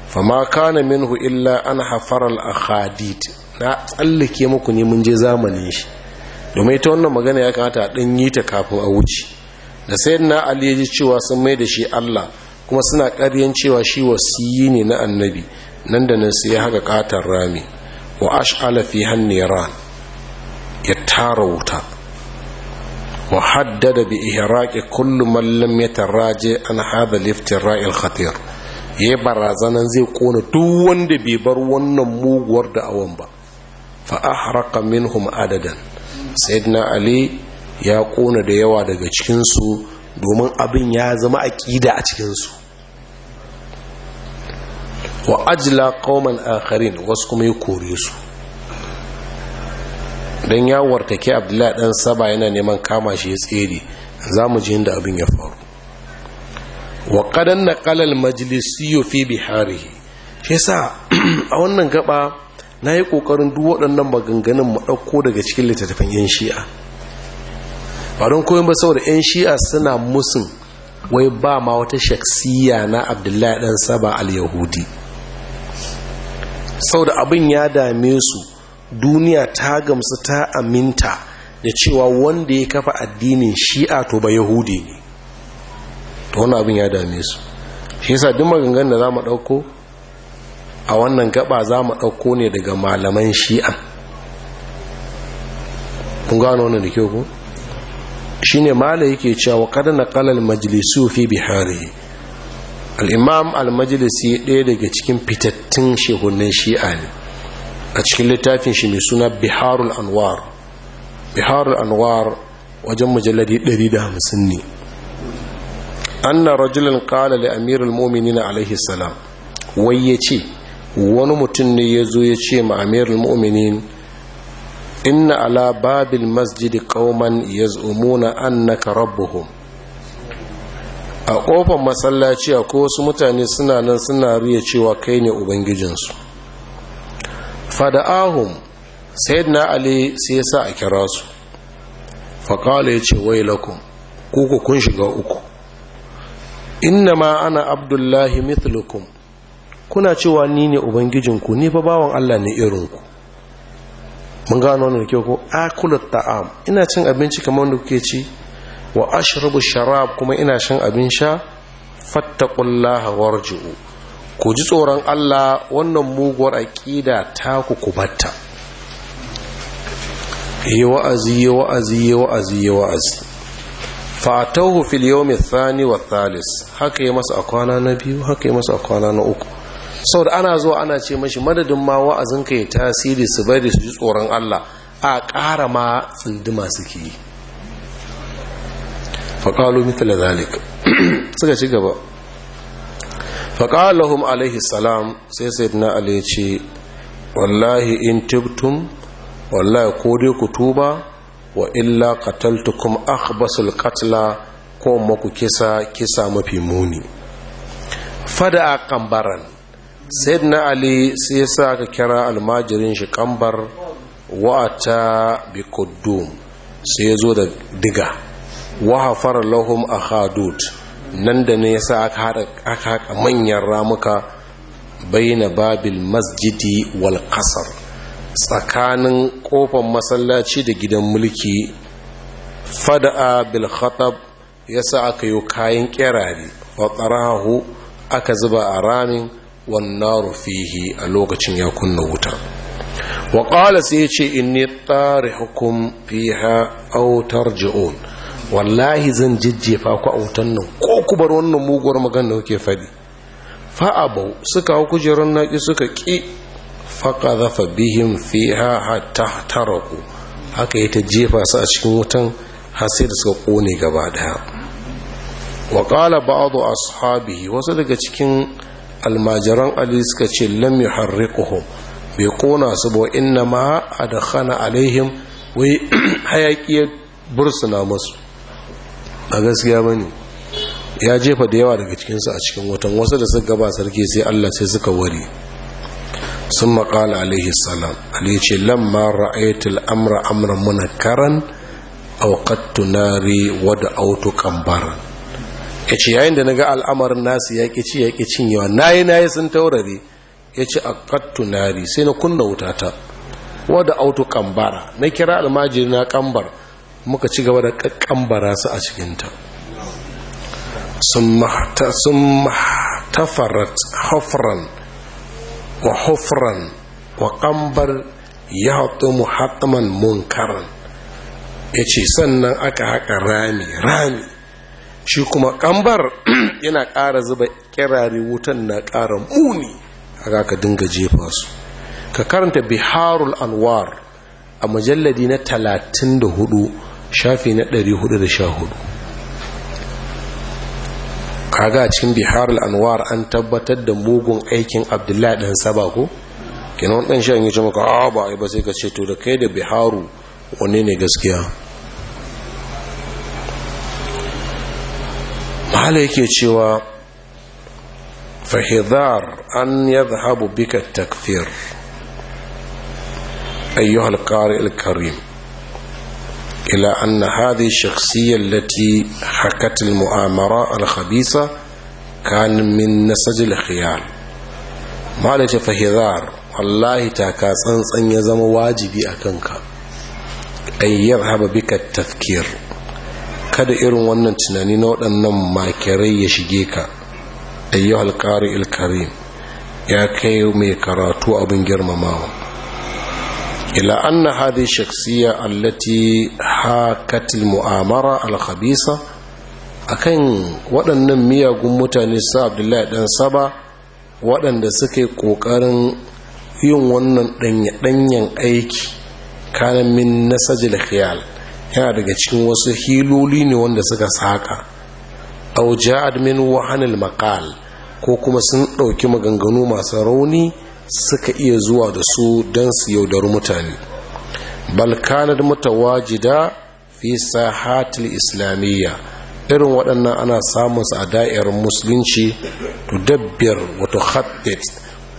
fama kana minhu illa an hafaral akhadid na tsallake muku ne mun je zamanin shi domin ita wannan magana ya kamata a ɗan yi ta kafin a wuce da sayyidina ali ya ji cewa sun mai da shi Allah kuma suna ƙaryan cewa shi wasiyi ne na annabi nan da nan sai ya haka ƙatar rami wa ash'ala fi hanniran ya tara wuta wa haddada bi ihraqi kullu man lam yataraji an hadha al khatir ya yi barazanan zai kona duk wanda bai bar wannan muguwar da'awan ba fa'aharaka minhum adadan sayyidina ali ya kona da yawa daga cikinsu domin abin ya zama aƙida a cikinsu wa ajila kawman akharin wasu kuma ya kore su don ya take abdullahi dan saba yana neman kama shi ya tsere za mu ji inda abin ya faru wa na naqala al-majlisi fi bihari shi sa a wannan gaba yi kokarin duk waɗannan maganganun maɗauko daga cikin littattafan yan shi'a ba don koyon ba saboda yan shi'a suna musun wai ba ma wata shaksiya na abdullahi ɗan saba al-yahudi saboda abin ya dame su duniya ta gamsu ta aminta da cewa wanda ya kafa addinin shi'a to ba yahudi ne to wani abin ya dame su shi yasa duk maganganun da za mu ɗauko a wannan gaba za mu ɗauko ne daga malaman shi'a kun gano wannan da kyau ko shi ne mala yake cewa kada na kalal majalisu fi bihari al'imam al-majalisi ɗaya daga cikin fitattun shehunan shi'a ne a cikin littafin shi mai suna biharul anwar biharul anwar wajen mujalladi 150 ne anna rajulun qala li amirul mu'minin alaihi salam wai yace wani mutum ne ya zo ya ce ma amirul mu'minin inna ala babil masjid qauman yaz'umuna annaka rabbuhum a kofar masallaci ko wasu mutane suna nan suna riya cewa kai ne ubangijinsu fada'ahum sayyidina ali sai ya sa a kira su faƙala ya ce wai lakum kuku kun shiga uku inna ma ana abdullahi mithlukum kuna cewa ni ne ubangijinku ni fa bawan Allah ne irinku mun gano wannan kyau ko akulu ta'am ina cin abinci kamar wanda kuke ci wa ashrabu sharab kuma ina shan abin sha fattaqullaha warji'u ku ji tsoron Allah wannan muguwar aqida ta ku kubata. yi wa'azi yi wa'azi yi wa'azi yi wa'azi fatahu fil yawmi thani wa thalis haka yi masa a kwana na biyu haka yi masa a kwana na uku saboda ana zuwa ana ce mashi madadin ma wa'azin ka yi tasiri su bari su ji tsoron Allah a ƙara ma tsinduma suke yi faƙalu mitla zalik suka ci gaba faƙalahum alaihi salam sai sayyidina ali ce wallahi in tibtum wallahi ko dai ku tuba wa illa qataltukum akhbasul qatla ko maku kisa kisa mafi muni fada a kambaran na ali sai sa aka kira almajirin shi kambar ta bi kudum sai zo da diga wa hafara lahum Hadud, nan da ne yasa aka haka manyan ramuka baina babil masjidi wal qasr tsakanin kofar masallaci da gidan mulki fada'a bil khatab ya sa aka yi kayan kerare fatsarahu aka zuba a ramin wannan rufihi a lokacin ya kunna wuta wa ƙala sai ce in ni tsari hukum fiha autar ji'on wallahi zan jijjefa ku a wutan nan ko ku bar wannan muguwar magana kuke faɗi fa'abau suka hau kujerar naƙi suka ƙi faƙazafa bihim fiha hatta taraku haka ita ta jefa su a cikin wutan har sai da suka ƙone gaba daya wa ƙala ba'adu ashabihi wasu daga cikin almajiran ali suka ce lam yuharriquhum bai kona su ba inna ma adkhana alaihim wai hayaki ya bursuna musu a gaskiya bane ya jefa da yawa daga cikinsu a cikin wutan wasu da suka gaba sarki sai Allah sai suka wari. sun maƙala alaihi salam ali ce lamma ra'aitul amra amra muna karan na nari wadda autu kambara ya ce yayin da naga al'amarin nasu ya ƙi ci ya ƙi cin yawa na yi na yi sun taurari. ya ce na nari sai na kunna wuta ta. Wadda autu kambara na kira almajiri na kambar muka ci gaba da kambara su a cikinta sun mahtafarat hafran wa hufran wa ƙambar ya haɗu ya ce sannan aka haƙa rami rami shi kuma ƙambar yana ƙara zuba kirare wutan na ƙara muni haka ka dinga jefa su ka karanta biharul anwar a mujalladi na 34 shafi na 414 kaga a cikin bihar al'anwar an tabbatar da mugun aikin abdullahi ɗan saba ko wani ɗan shan yi ce maka a ah, ba a ba sai ka ce to da kai da biharu wani ne gaskiya mahala yake cewa fahidar an zahabu bika takfir ayyuhal kari al-karim إلى أن هذه الشخصية التي حكت المؤامرة الخبيثة كان من نسج الخيال ما لك فهذار والله تاكا سنسن يزم واجبي أكنك أن يذهب بك التفكير kada irin wannan tunani na waɗannan makirai ya shige ka ayyuhal qari al karim ya kai mai karatu abin girmamawa ila anna hadhihi shakhsiyya allati hakat mu'amara al-khabisa akan waɗannan miyagun mutane su Abdullahi dan Saba waɗanda suke ƙoƙarin yin wannan ɗanyen aiki kanan min nasajil khiyal yana daga cikin wasu hiloli ne wanda suka saka au ja'ad min wahanil maqal ko kuma sun ɗauki maganganu masu rauni suka iya zuwa da su don su yaudaru mutane balkanar mutawajida fi sahatul islamiyya irin waɗannan ana su a da'irar musulunci to dabbiyar wato haddad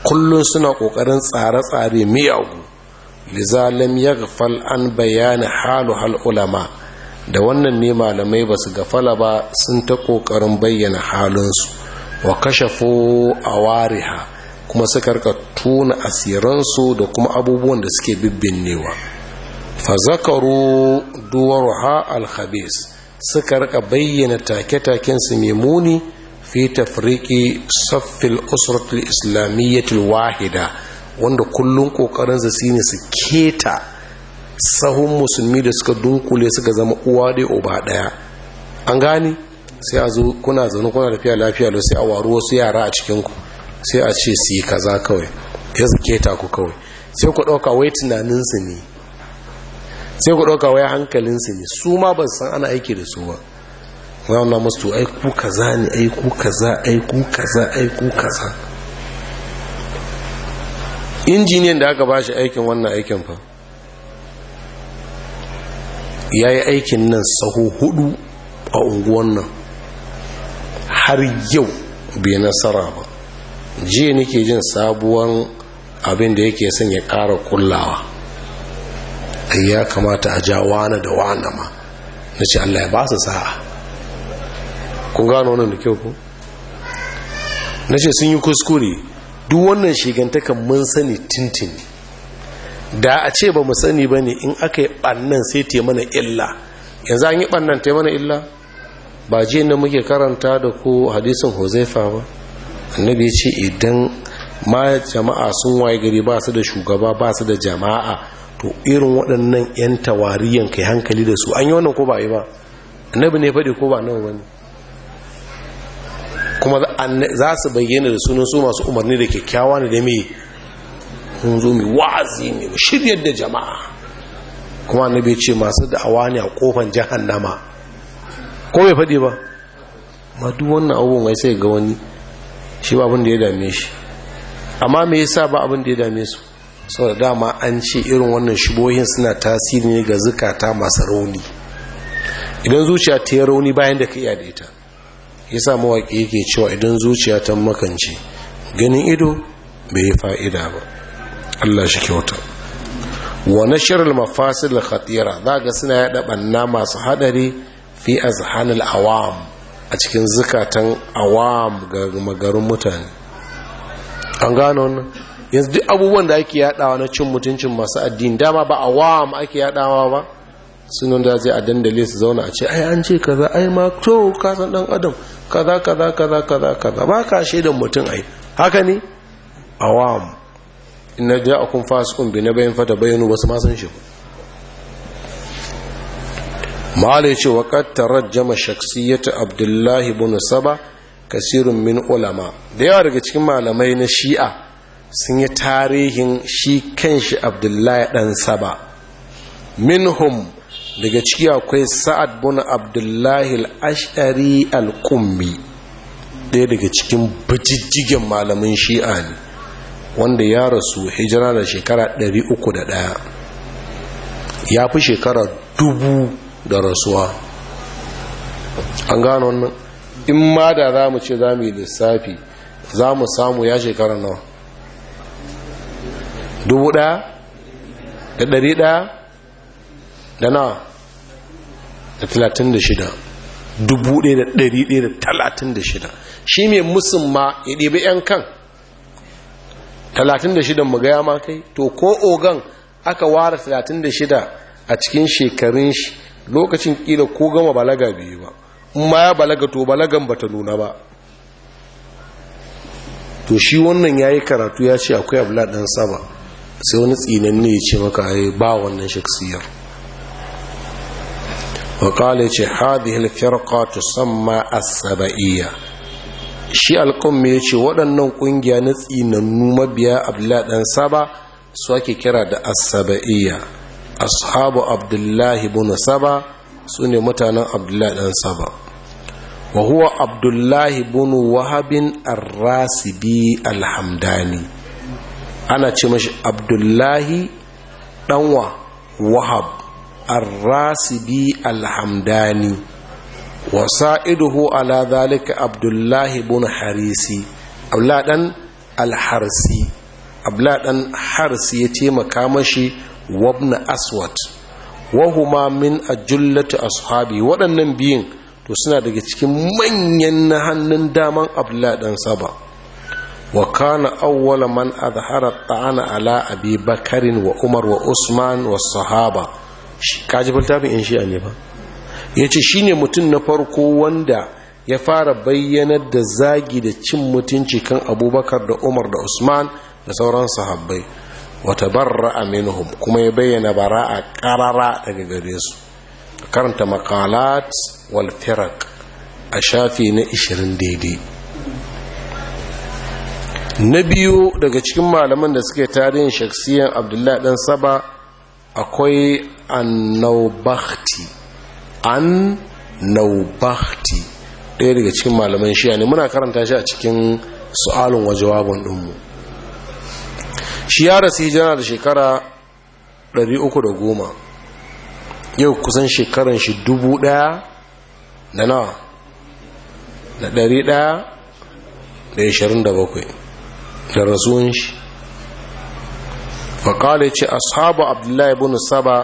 kullum suna ƙoƙarin tsare-tsare miyagu lizalim ya gafal an bayani halu hal ulama da wannan ne malamai ba su gafala ba sun ta ƙoƙarin bayyana halinsu wa kashafo a wariha kuma suka rika tuna asiransu da kuma abubuwan da suke bibbinnewa fazakaru duwarha alhabis suka rika bayyana take su mai muni fi tafriki saffil usratul islamiyyatul wahida wanda kullum kokarin su ne su keta sahun musulmi da suka dunkule suka zama uwa da uba daya an gane sai a zo kuna zaune kuna tafiya lafiya da sai a waru wasu yara a cikinku sai a ce su yi kaza kawai ya zuke ta ku kawai sai ku ɗauka wai tunaninsu ne sai ku ɗauka wai hankalinsu ne su ma ba san ana aiki da su ba wannan musu ai ku kaza ne ai ku kaza ai ku kaza ai ku kaza injiniyan da aka ba shi aikin wannan aikin fa ya yi aikin nan saho hudu a unguwan nan har yau bai nasara ba jiya nake jin sabuwan abin da yake son ya ƙara kullawa ai ya kamata a ja wani da wani ma na ce allah ya ba su sa'a kun gano wannan da kyau ku na ce sun yi kuskure duk wannan shigantakan mun sani tintini da a ce ba mu sani ba ne in aka yi ɓannan sai te mana illa yanzu an yi ɓannan ta mana illa ba jiya na muke karanta da ko hadisin huzaifa ba annabi ya ce idan ma jama'a sun waye gari ba su da shugaba ba su da jama'a to irin waɗannan 'yan tawariyan kai hankali da su an yi wannan ko ba yi ba annabi ne faɗi ko ba nan wani kuma za su bayyana da sunan su masu umarni da kyakkyawa ne da mai kun zo mai wa'azi ne shiryar da jama'a kuma annabi ce masu da'awa ne a kofan jahannama ko bai faɗi ba ma duk wannan abubuwan sai ga wani shi ba abin da ya dame shi amma me yasa ba abin da ya dame su saboda dama an ce irin wannan shubohin suna tasiri ne ga zukata masu rauni idan zuciya ta yi rauni bayan da ka iya da ita yasa mawaƙi yake cewa idan zuciya ta makance ganin ido bai yi fa'ida ba Allah shi kyauta wa nashr mafasilin mafasil za khatira ga suna yaɗa ɓanna masu haɗari fi azhanil awam a cikin zukatan awam ga magarin mutane an gano wannan yanzu duk abubuwan da ake yadawa na cin mutuncin masu addini dama ba awam ake yadawa ba sun da zai a dandale su zauna a ce ai an ce kaza ai ma to ka san dan adam kaza kaza kaza kaza kaza ba ka shaidan mutum ai haka ne awam inna ja'akum fasiqun bi nabayin bayan wasu ma san shi ba malai ce wa kattarar jama shaksiyatu abdullahi bin saba kasirun min ulama da yawa daga cikin malamai na shi'a sun yi tarihin shi kanshi abdullahi dan saba minhum daga ciki akwai sa'ad bin abdullahi al-ash'ari al-qummi ɗaya daga cikin bijijjigen malamin shi'a ne wanda ya rasu hijira da shekara 301 ya fi shekara dubu da rasuwa an gano wannan in ma da za mu ce za mu yi lissafi za mu samu ya shekara nawa dubu ɗaya da ɗari ɗaya da nawa da talatin da shida dubu ɗaya da ɗari ɗaya da talatin da shida shi mai musun ma ya ɗebe 'yan kan talatin da shida mu gaya ma kai to ko ogan aka ware talatin da shida a cikin shekarun shi lokacin kila ko gama balaga biyu ba in ma ya balaga to balagan bata nuna ba to shi wannan ya yi karatu ya ce akwai abu dan sama sai wani ne ya ce maka ya ba wannan shaksiyar Wakala ya ce hadhihi al kwato tusamma a saba'iya shi al ya ce waɗannan ƙungiya na tsinannu mabiya abu dan saba su ake kira da as ashabu abdullahi bin saba su ne mutanen abdullahi dan saba wa huwa abdullahi bin wahabin arrasibi alhamdani ana ce mashi abdullahi danwa wahab arrasibi alhamdani wa sa'iduhu ala zalika abdullahi bin harisi abdullahi dan alharsi abdullahi dan harsi ya taimaka mashi wabna aswat wahuma min ajullatu ashabi waɗannan biyun to suna daga cikin manyan na hannun daman abdullah dan saba wa kana awwala man azhara ta'ana ala abi bakarin wa umar wa usman wa sahaba kaji bi in shi'a ne ba yace shine mutum na farko wanda ya fara bayyanar da zagi da cin mutunci kan abubakar da umar da usman da sauran sahabbai wata barra minhum kuma ya bayyana bara'a karara daga gare su karanta makalat wal a shafi na 20 daidai na biyu daga cikin malaman da suke tarihin shaksiyan abdullahi dan saba akwai annaubakti an ɗaya daga cikin malaman shiya ne muna karanta shi a cikin su'alin wajewa ɗinmu shi ya rasu hijira da shekara 310 yau kusan shekaran shi dubu daya da nawa da 127 da da bakwai da rasuwan shi faƙalai ce ashabu abdullahi bin saba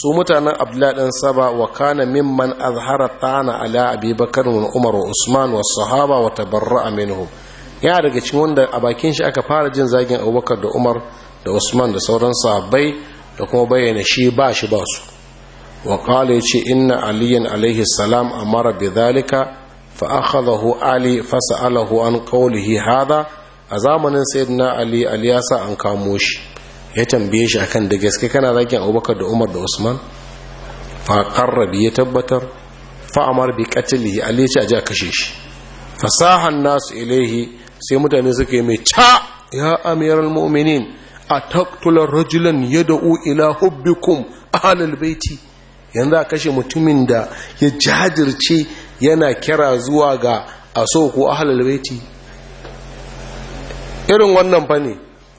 su mutanen abdullahi ɗan saba wa kana mimman azhara tana ala abubakar wani umar wa usman wa sahaba wa tabarra'a minhum yana daga cikin wanda a bakin shi aka fara jin zagin abubakar da umar da usman da sauran sahabbai da kuma bayyana shi ba shi ba su wa qala ce inna aliyan alaihi salam amara bi zalika fa akhadahu ali fa sa'alahu an qawlihi hadha a zamanin sayyidina ali ali ya sa an kamo shi ya tambaye shi akan da gaske kana zagin abubakar da umar da usman fa qarrabi ya tabbatar fa amar bi qatlihi ali ya ce a kashe shi fasahan nasu ilaihi sai mutane suka yi mai ca ya amiral mu'minin a taktular rajulan ya da'u ila hubbikum halal baiti yanzu a kashe mutumin da ya jajirce yana kira zuwa ga a so ko halal baiti irin wannan fa ne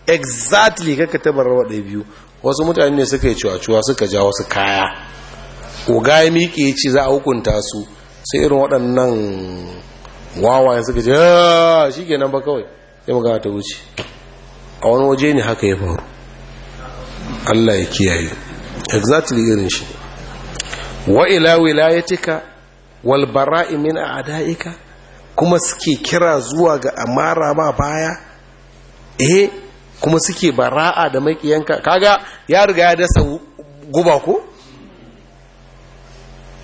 exactly kaka tabar rawa ɗaya biyu wasu mutane ne suka yi cuwa-cuwa suka ja wasu kaya ko gaya miƙe ce za a hukunta su sai irin waɗannan ya suka ce ah, shi kenan ba kawai ya magana ta wuce a wani waje ne haka ya faru Allah ya kiyaye exactly irin shi wa ila wilayatika wal bara'i min a'daika kuma suke kira zuwa ga amara ma baya eh kuma suke bara'a da makiyanka kaga ya riga ya dasa guba ko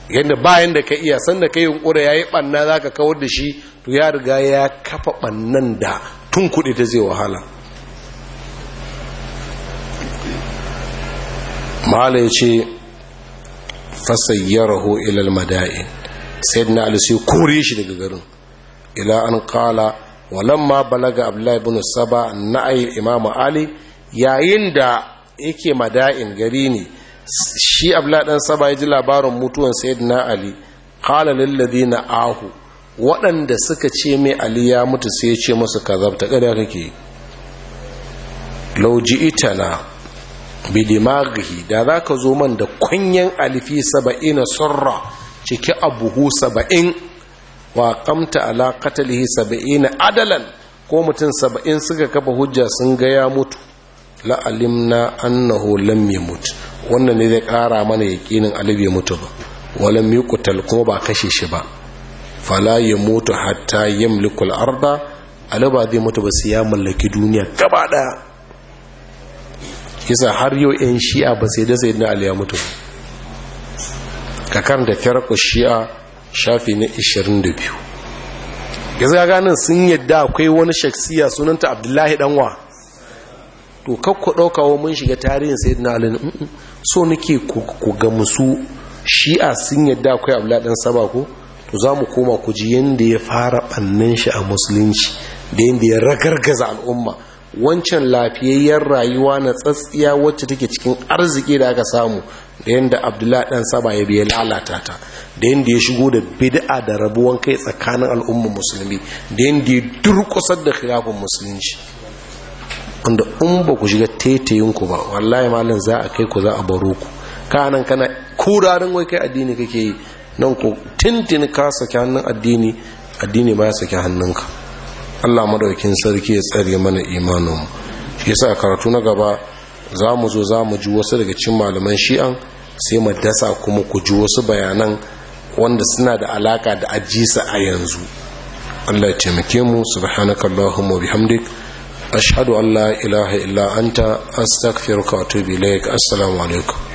yadda bayan da ka iya sanda ka yi yunkura ya yi ɓanna za ka kawar da shi to ya riga ya kafa ɓannan da tun kuɗi ta zai wahala mahala ya ce ilal mada'in sai na alisi kore shi daga garin ila an kala walamma balaga abdullahi bin saba na'ayi imamu ali yayin da yake mada'in gari ne shi abla dan saba ya ji labarin mutuwan sayyidina ali qala lil ladina ahu waɗanda suka ce mai ali ya mutu sai ya ce musu kazabta kada kake law ji'tana bi dimaghi da zaka zo man da kunyan alifi 70 surra ciki abuhu 70 wa qamta ala qatlihi 70 adalan ko mutum saba'in suka kafa hujja sun ga ya mutu la'alimna annahu lam yamut wannan ne zai ƙara mana yakinin alibi mutu ba walam yuqtal kuma ba kashe shi ba fala ya yamutu hatta yamliku al-arda alaba zai mutu ba sai ya mallaki duniya gaba daya kisa har yau yan shi'a ba sai da sayyidina ali ya mutu ka da firqu shi'a shafi na 22 yanzu ga ganin sun yadda akwai wani shaksiya sunanta abdullahi danwa to kakko daukawo mun shiga tarihin sayyidina ali so nake ku ga musu shi'a sun yadda akwai abla dan saba ko to za mu koma ku ji yadda ya fara bannin shi a musulunci da yadda ya ragargaza al'umma wancan lafiyayyar rayuwa na tsatsiya wacce take cikin arziki da aka samu da yadda abdullahi dan saba ya biya lalata ta da yadda ya shigo da bid'a da rabuwan kai tsakanin al'ummar musulmi da yadda ya durkusar da khilafin musulunci wanda in ba ku shiga tetayinku ba wallahi malin za a kai ku za a baro ku kanan kana kurarin wai kai addini kake yi nan ku tintin ka saki hannun addini addini ma ya saki hannunka Allah madaukin sarki ya tsare mana imaninmu shi yasa karatu na gaba za mu zo za mu ji wasu daga cikin malaman shi'an sai mu dasa kuma ku ji wasu bayanan wanda suna da alaka da ajisa a yanzu Allah ya taimake mu subhanakallahumma bihamdika ashhadu an la ilaha illa anta astaghfiruka wa atubu assalamu alaikum